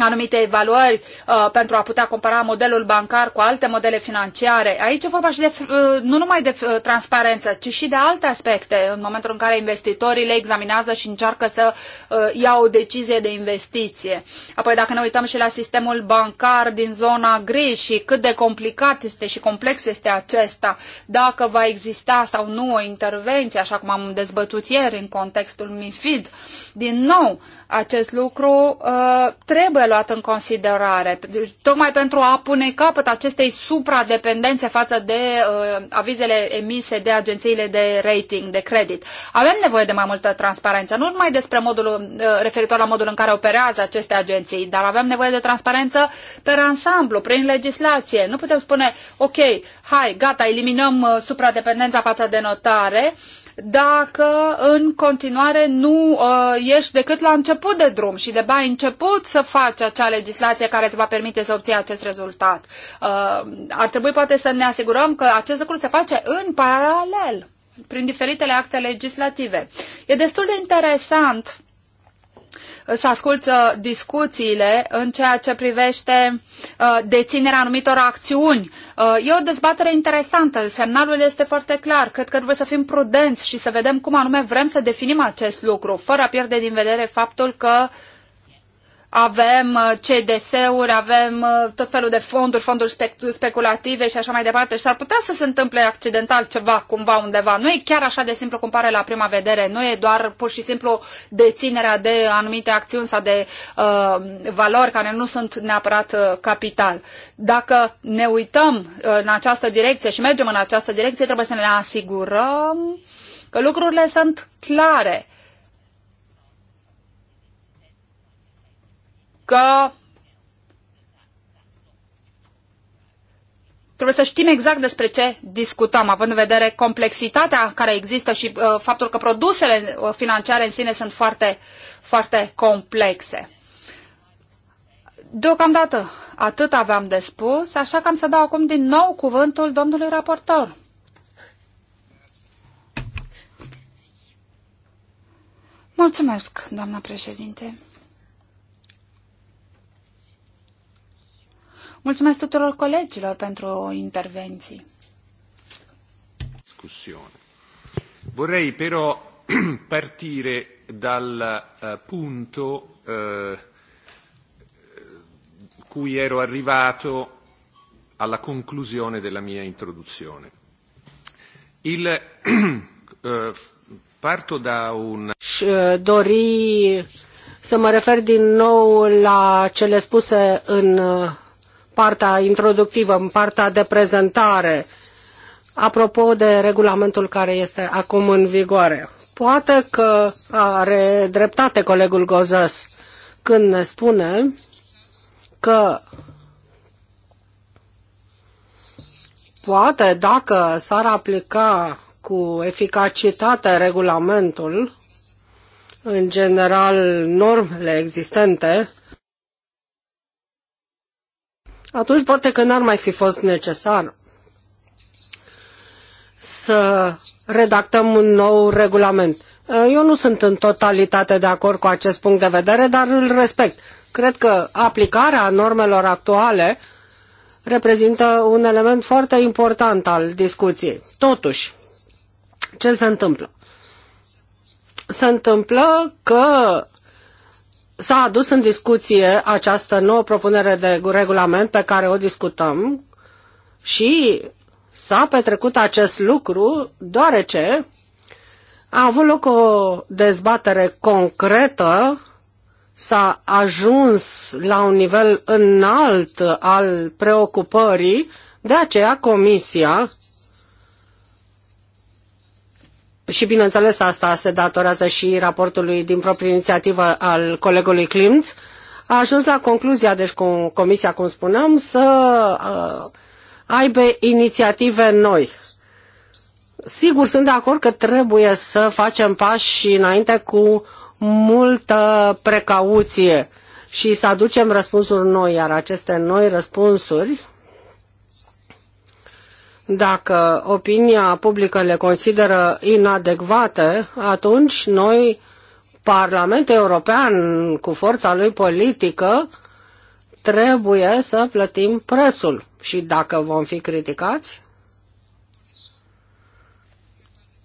anumite evaluări uh, pentru a putea compara modelul bancar cu alte modele financiare. Aici e vorba și de, uh, nu numai de uh, transparență, ci și de alte aspecte în momentul în care investitorii le examinează și încearcă să uh, ia o decizie de investiție. Apoi dacă ne uităm și la sistemul bancar din zona gri și cât de complicat este și complex este acesta, dacă va exista sau nu o intervenție, așa cum am dezbătut ieri în contextul MIFID, din nou, uh, acest lucru uh, trebuie luat în considerare, tocmai pentru a pune capăt acestei supradependențe față de uh, avizele emise de agențiile de rating, de credit. Avem nevoie de mai multă transparență, nu numai despre modul uh, referitor la modul în care operează aceste agenții, dar avem nevoie de transparență pe ansamblu, prin legislație. Nu putem spune, ok, hai, gata, eliminăm uh, supradependența față de notare, uh, dacă în continuare nu uh, ești decât la început de drum și de bai început să faci acea legislație care îți va permite să obții acest rezultat. Uh, ar trebui poate să ne asigurăm că acest lucru se face în paralel, prin diferitele acte legislative. E destul de interesant să ascult uh, discuțiile în ceea ce privește uh, deținerea anumitor acțiuni. Uh, e o dezbatere interesantă, semnalul este foarte clar. Cred că trebuie să fim prudenți și să vedem cum anume vrem să definim acest lucru, fără a pierde din vedere faptul că uh, avem uh, CDS-uri, avem uh, tot felul de fonduri, fonduri speculative și așa mai departe și s-ar putea să se întâmple accidental ceva cumva undeva. Nu e chiar așa de simplu cum pare la prima vedere, nu e doar pur și simplu deținerea de anumite acțiuni sau de uh, valori care nu sunt neapărat uh, capital. Dacă ne uităm în această direcție și mergem în această direcție, trebuie să ne asigurăm că lucrurile sunt clare că trebuie să știm exact despre ce discutăm, având în vedere complexitatea care există și uh, faptul că produsele uh, financiare în sine sunt foarte, foarte complexe. Deocamdată atât aveam de spus, așa că am să dau acum din nou cuvântul domnului raportor. Mulțumesc, doamna președinte. Mulțumesc tuturor colegilor pentru intervenții. Discussione. Vorrei però partire dal eh, punto eh, cui ero arrivato alla conclusione della mia introduzione. Il, eh, parto da un... Eh, dori să mă refer din nou la cele spuse în partea introductivă, în partea de prezentare, apropo de regulamentul care este acum în vigoare. Poate că are dreptate colegul Gozăs când ne spune că poate dacă s-ar aplica cu eficacitate regulamentul, în general normele existente, atunci poate că n-ar mai fi fost necesar să redactăm un nou regulament. Eu nu sunt în totalitate de acord cu acest punct de vedere, dar îl respect. Cred că aplicarea normelor actuale reprezintă un element foarte important al discuției. Totuși, ce se întâmplă? Se întâmplă că s-a adus în discuție această nouă propunere de regulament pe care o discutăm și s-a petrecut acest lucru deoarece a avut loc o dezbatere concretă, s-a ajuns la un nivel înalt al preocupării, de aceea Comisia și bineînțeles asta se datorează și raportului din proprie inițiativă al colegului Klimț, a ajuns la concluzia, deci cu Comisia, cum spuneam, să aibă inițiative noi. Sigur, sunt de acord că trebuie să facem pași înainte cu multă precauție și să aducem răspunsuri noi, iar aceste noi răspunsuri dacă opinia publică le consideră inadecvate, atunci noi, Parlamentul European, cu forța lui politică, trebuie să plătim prețul. Și dacă vom fi criticați,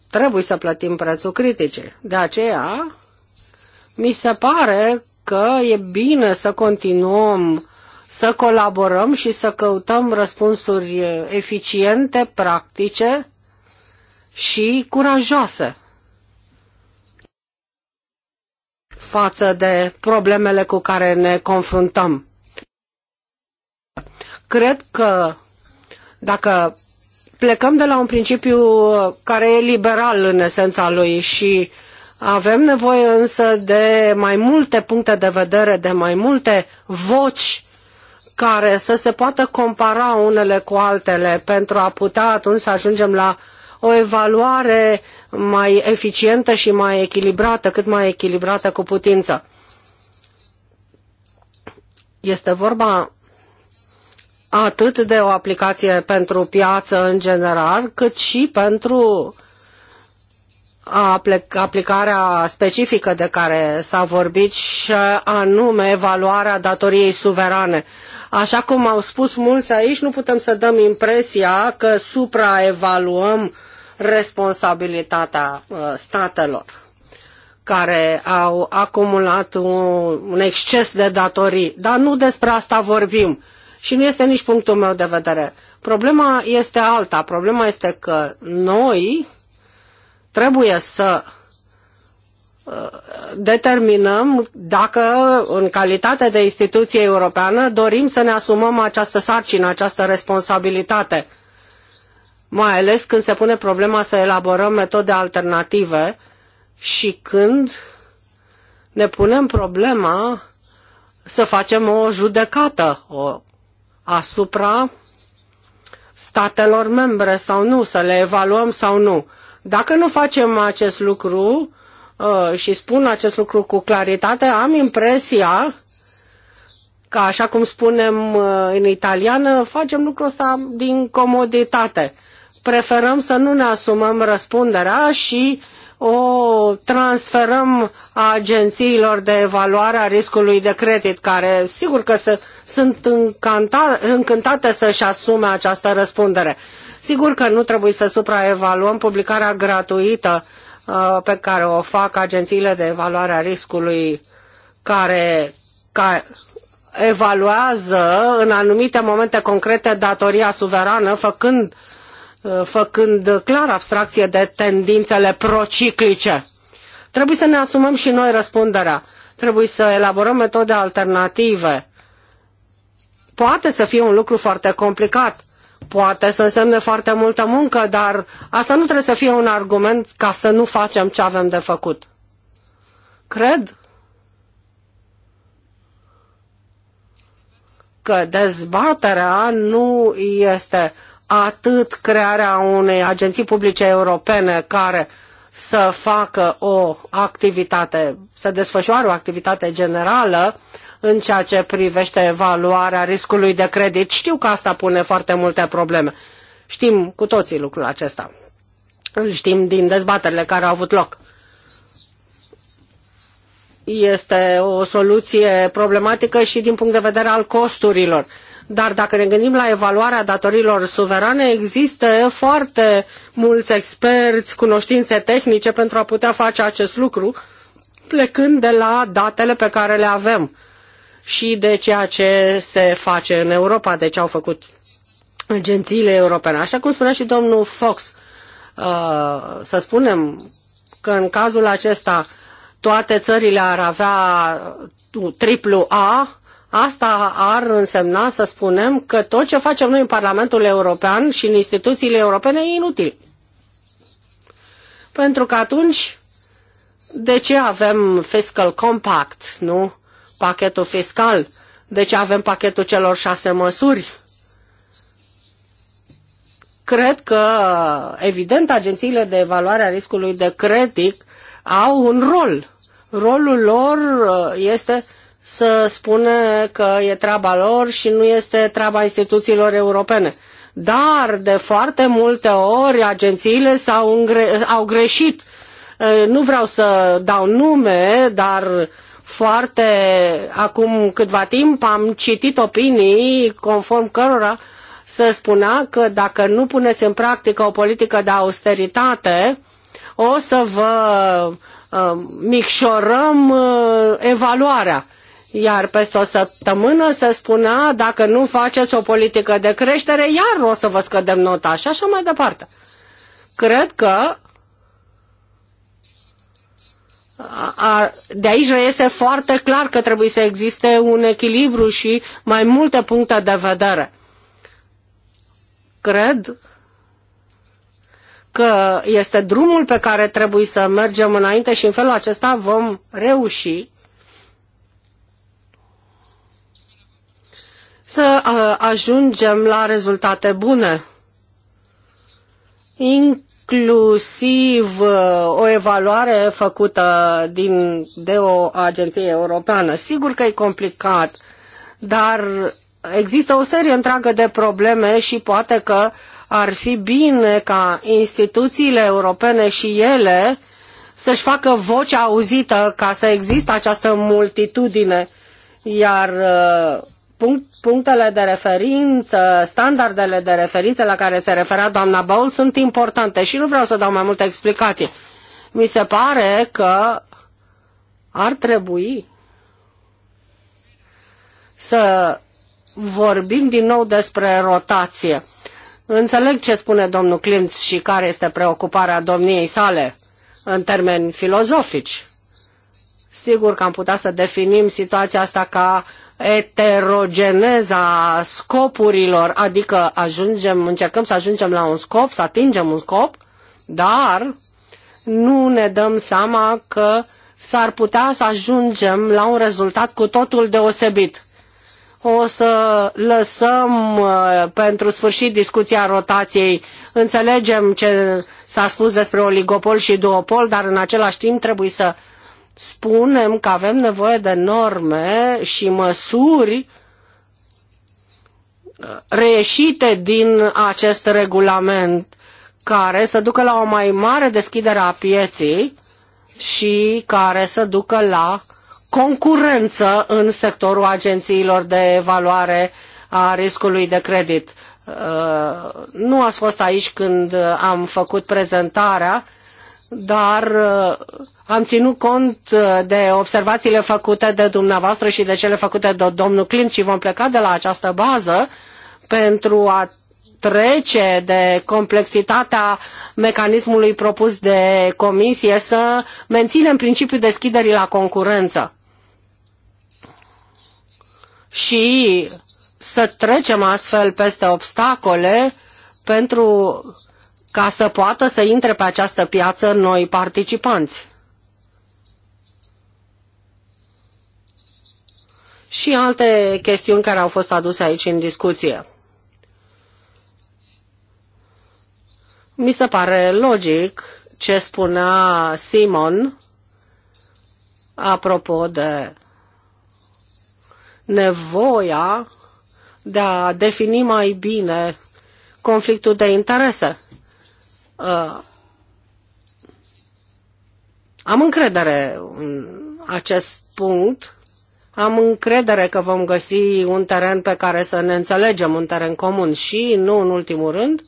trebuie să plătim prețul criticii. De aceea, mi se pare că e bine să continuăm să colaborăm și să căutăm răspunsuri eficiente, practice și curajoase față de problemele cu care ne confruntăm. Cred că dacă plecăm de la un principiu care e liberal în esența lui și avem nevoie însă de mai multe puncte de vedere, de mai multe voci care să se poată compara unele cu altele pentru a putea atunci să ajungem la o evaluare mai eficientă și mai echilibrată, cât mai echilibrată cu putință. Este vorba atât de o aplicație pentru piață în general, cât și pentru aplicarea specifică de care s-a vorbit și anume evaluarea datoriei suverane. Așa cum au spus mulți aici, nu putem să dăm impresia că supraevaluăm responsabilitatea uh, statelor care au acumulat un exces de datorii. Dar nu despre asta vorbim și nu este nici punctul meu de vedere. Problema este alta. Problema este că noi, Trebuie să uh, determinăm dacă, în calitate de instituție europeană, dorim să ne asumăm această sarcină, această responsabilitate, mai ales când se pune problema să elaborăm metode alternative și când ne punem problema să facem o judecată o, asupra statelor membre sau nu, să le evaluăm sau nu. Dacă nu facem acest lucru uh, și spun acest lucru cu claritate, am impresia că, așa cum spunem uh, în italiană, facem lucrul ăsta din comoditate. Preferăm să nu ne asumăm răspunderea și o transferăm a agențiilor de evaluare a riscului de credit, care sigur că se, sunt încântate să-și asume această răspundere. Sigur că nu trebuie să supraevaluăm publicarea gratuită uh, pe care o fac agențiile de evaluare a riscului care ca, evaluează în anumite momente concrete datoria suverană, făcând, uh, făcând clar abstracție de tendințele prociclice. Trebuie să ne asumăm și noi răspunderea. Trebuie să elaborăm metode alternative. Poate să fie un lucru foarte complicat, Poate să însemne foarte multă muncă, dar asta nu trebuie să fie un argument ca să nu facem ce avem de făcut. Cred că dezbaterea nu este atât crearea unei agenții publice europene care să facă o activitate, să desfășoare o activitate generală, în ceea ce privește evaluarea riscului de credit. Știu că asta pune foarte multe probleme. Știm cu toții lucrul acesta. Îl știm din dezbaterile care au avut loc. Este o soluție problematică și din punct de vedere al costurilor. Dar dacă ne gândim la evaluarea datorilor suverane, există foarte mulți experți, cunoștințe tehnice pentru a putea face acest lucru, plecând de la datele pe care le avem și de ceea ce se face în Europa, de ce au făcut agențiile europene. Așa cum spunea și domnul Fox, uh, să spunem că în cazul acesta toate țările ar avea triplu A, asta ar însemna să spunem că tot ce facem noi în Parlamentul European și în instituțiile europene e inutil. Pentru că atunci, de ce avem fiscal compact, nu? pachetul fiscal, de deci ce avem pachetul celor șase măsuri. Cred că, evident, agențiile de evaluare a riscului de credit au un rol. Rolul lor uh, este să spune că e treaba lor și nu este treaba instituțiilor europene. Dar, de foarte multe ori, agențiile s-au au greșit. Uh, nu vreau să dau nume, dar uh, foarte acum câtva timp am citit opinii conform cărora se spunea că dacă nu puneți în practică o politică de austeritate, o să vă uh, micșorăm uh, evaluarea. Iar peste o săptămână se spunea, dacă nu faceți o politică de creștere, iar o să vă scădem nota și așa mai departe. Cred că de aici reiese foarte clar că trebuie să existe un echilibru și mai multe puncte de vedere. Cred că este drumul pe care trebuie să mergem înainte și în felul acesta vom reuși să ajungem la rezultate bune, inclusiv uh, o evaluare făcută din, de o agenție europeană. Sigur că e complicat, dar există o serie întreagă de probleme și poate că ar fi bine ca instituțiile europene și ele să-și facă vocea auzită ca să există această multitudine, iar uh, punct, punctele de referință, standardele de referință la care se referea doamna Baul sunt importante și nu vreau să dau mai multe explicații. Mi se pare că ar trebui să vorbim din nou despre rotație. Înțeleg ce spune domnul Clintz și care este preocuparea domniei sale în termeni filozofici. Sigur că am putea să definim situația asta ca eterogeneza scopurilor, adică ajungem, încercăm să ajungem la un scop, să atingem un scop, dar nu ne dăm seama că s-ar putea să ajungem la un rezultat cu totul deosebit. O să lăsăm uh, pentru sfârșit discuția rotației. Înțelegem ce s-a spus despre oligopol și duopol, dar în același timp trebuie să spunem că avem nevoie de norme și măsuri uh, reieșite din acest regulament care să ducă la o mai mare deschidere a pieții și care să ducă la concurență în sectorul agențiilor de evaluare a riscului de credit. Uh, nu ați fost aici când am făcut prezentarea dar uh, am ținut cont uh, de observațiile făcute de dumneavoastră și de cele făcute de domnul Clint și vom pleca de la această bază pentru a trece de complexitatea mecanismului propus de comisie să menținem principiul deschiderii la concurență și să trecem astfel peste obstacole pentru ca să poată să intre pe această piață noi participanți. Și alte chestiuni care au fost aduse aici în discuție. Mi se pare logic ce spunea Simon apropo de nevoia de a defini mai bine conflictul de interese. Uh, am încredere în acest punct. Am încredere că vom găsi un teren pe care să ne înțelegem, un teren comun și, nu în ultimul rând,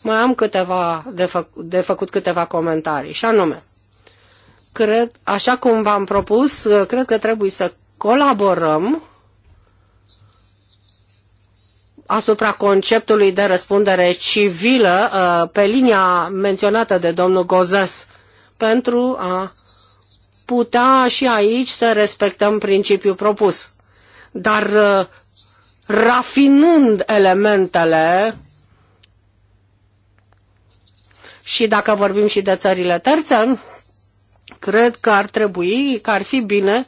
mai am câteva de, fă, de făcut câteva comentarii. Și anume, cred, așa cum v-am propus, cred că trebuie să colaborăm asupra conceptului de răspundere civilă uh, pe linia menționată de domnul Gozes pentru a putea și aici să respectăm principiul propus, dar uh, rafinând elementele și dacă vorbim și de țările terțe, cred că ar trebui, că ar fi bine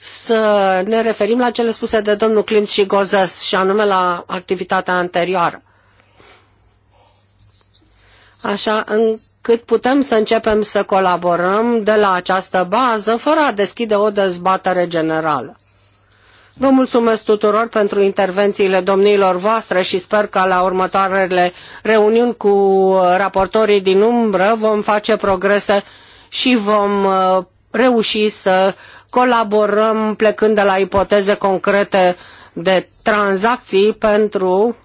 să ne referim la cele spuse de domnul Clint și Gozes, și anume la activitatea anterioară. Așa încât putem să începem să colaborăm de la această bază fără a deschide o dezbatere generală. Vă mulțumesc tuturor pentru intervențiile domniilor voastre și sper că la următoarele reuniuni cu raportorii din umbră vom face progrese și vom uh, reuși să colaborăm plecând de la ipoteze concrete de tranzacții pentru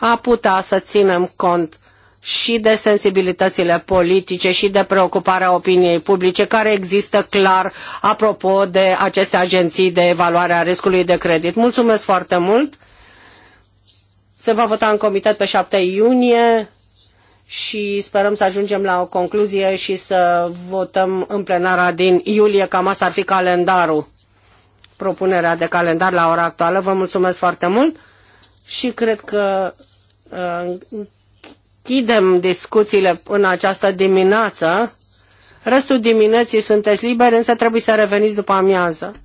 a putea să ținem cont și de sensibilitățile politice și de preocuparea opiniei publice care există clar apropo de aceste agenții de evaluare a riscului de credit. Mulțumesc foarte mult! Se va vota în comitet pe 7 iunie și sperăm să ajungem la o concluzie și să votăm în plenara din iulie, cam asta ar fi calendarul, propunerea de calendar la ora actuală. Vă mulțumesc foarte mult și cred că uh, închidem discuțiile în această dimineață. Restul dimineții sunteți liberi, însă trebuie să reveniți după amiază.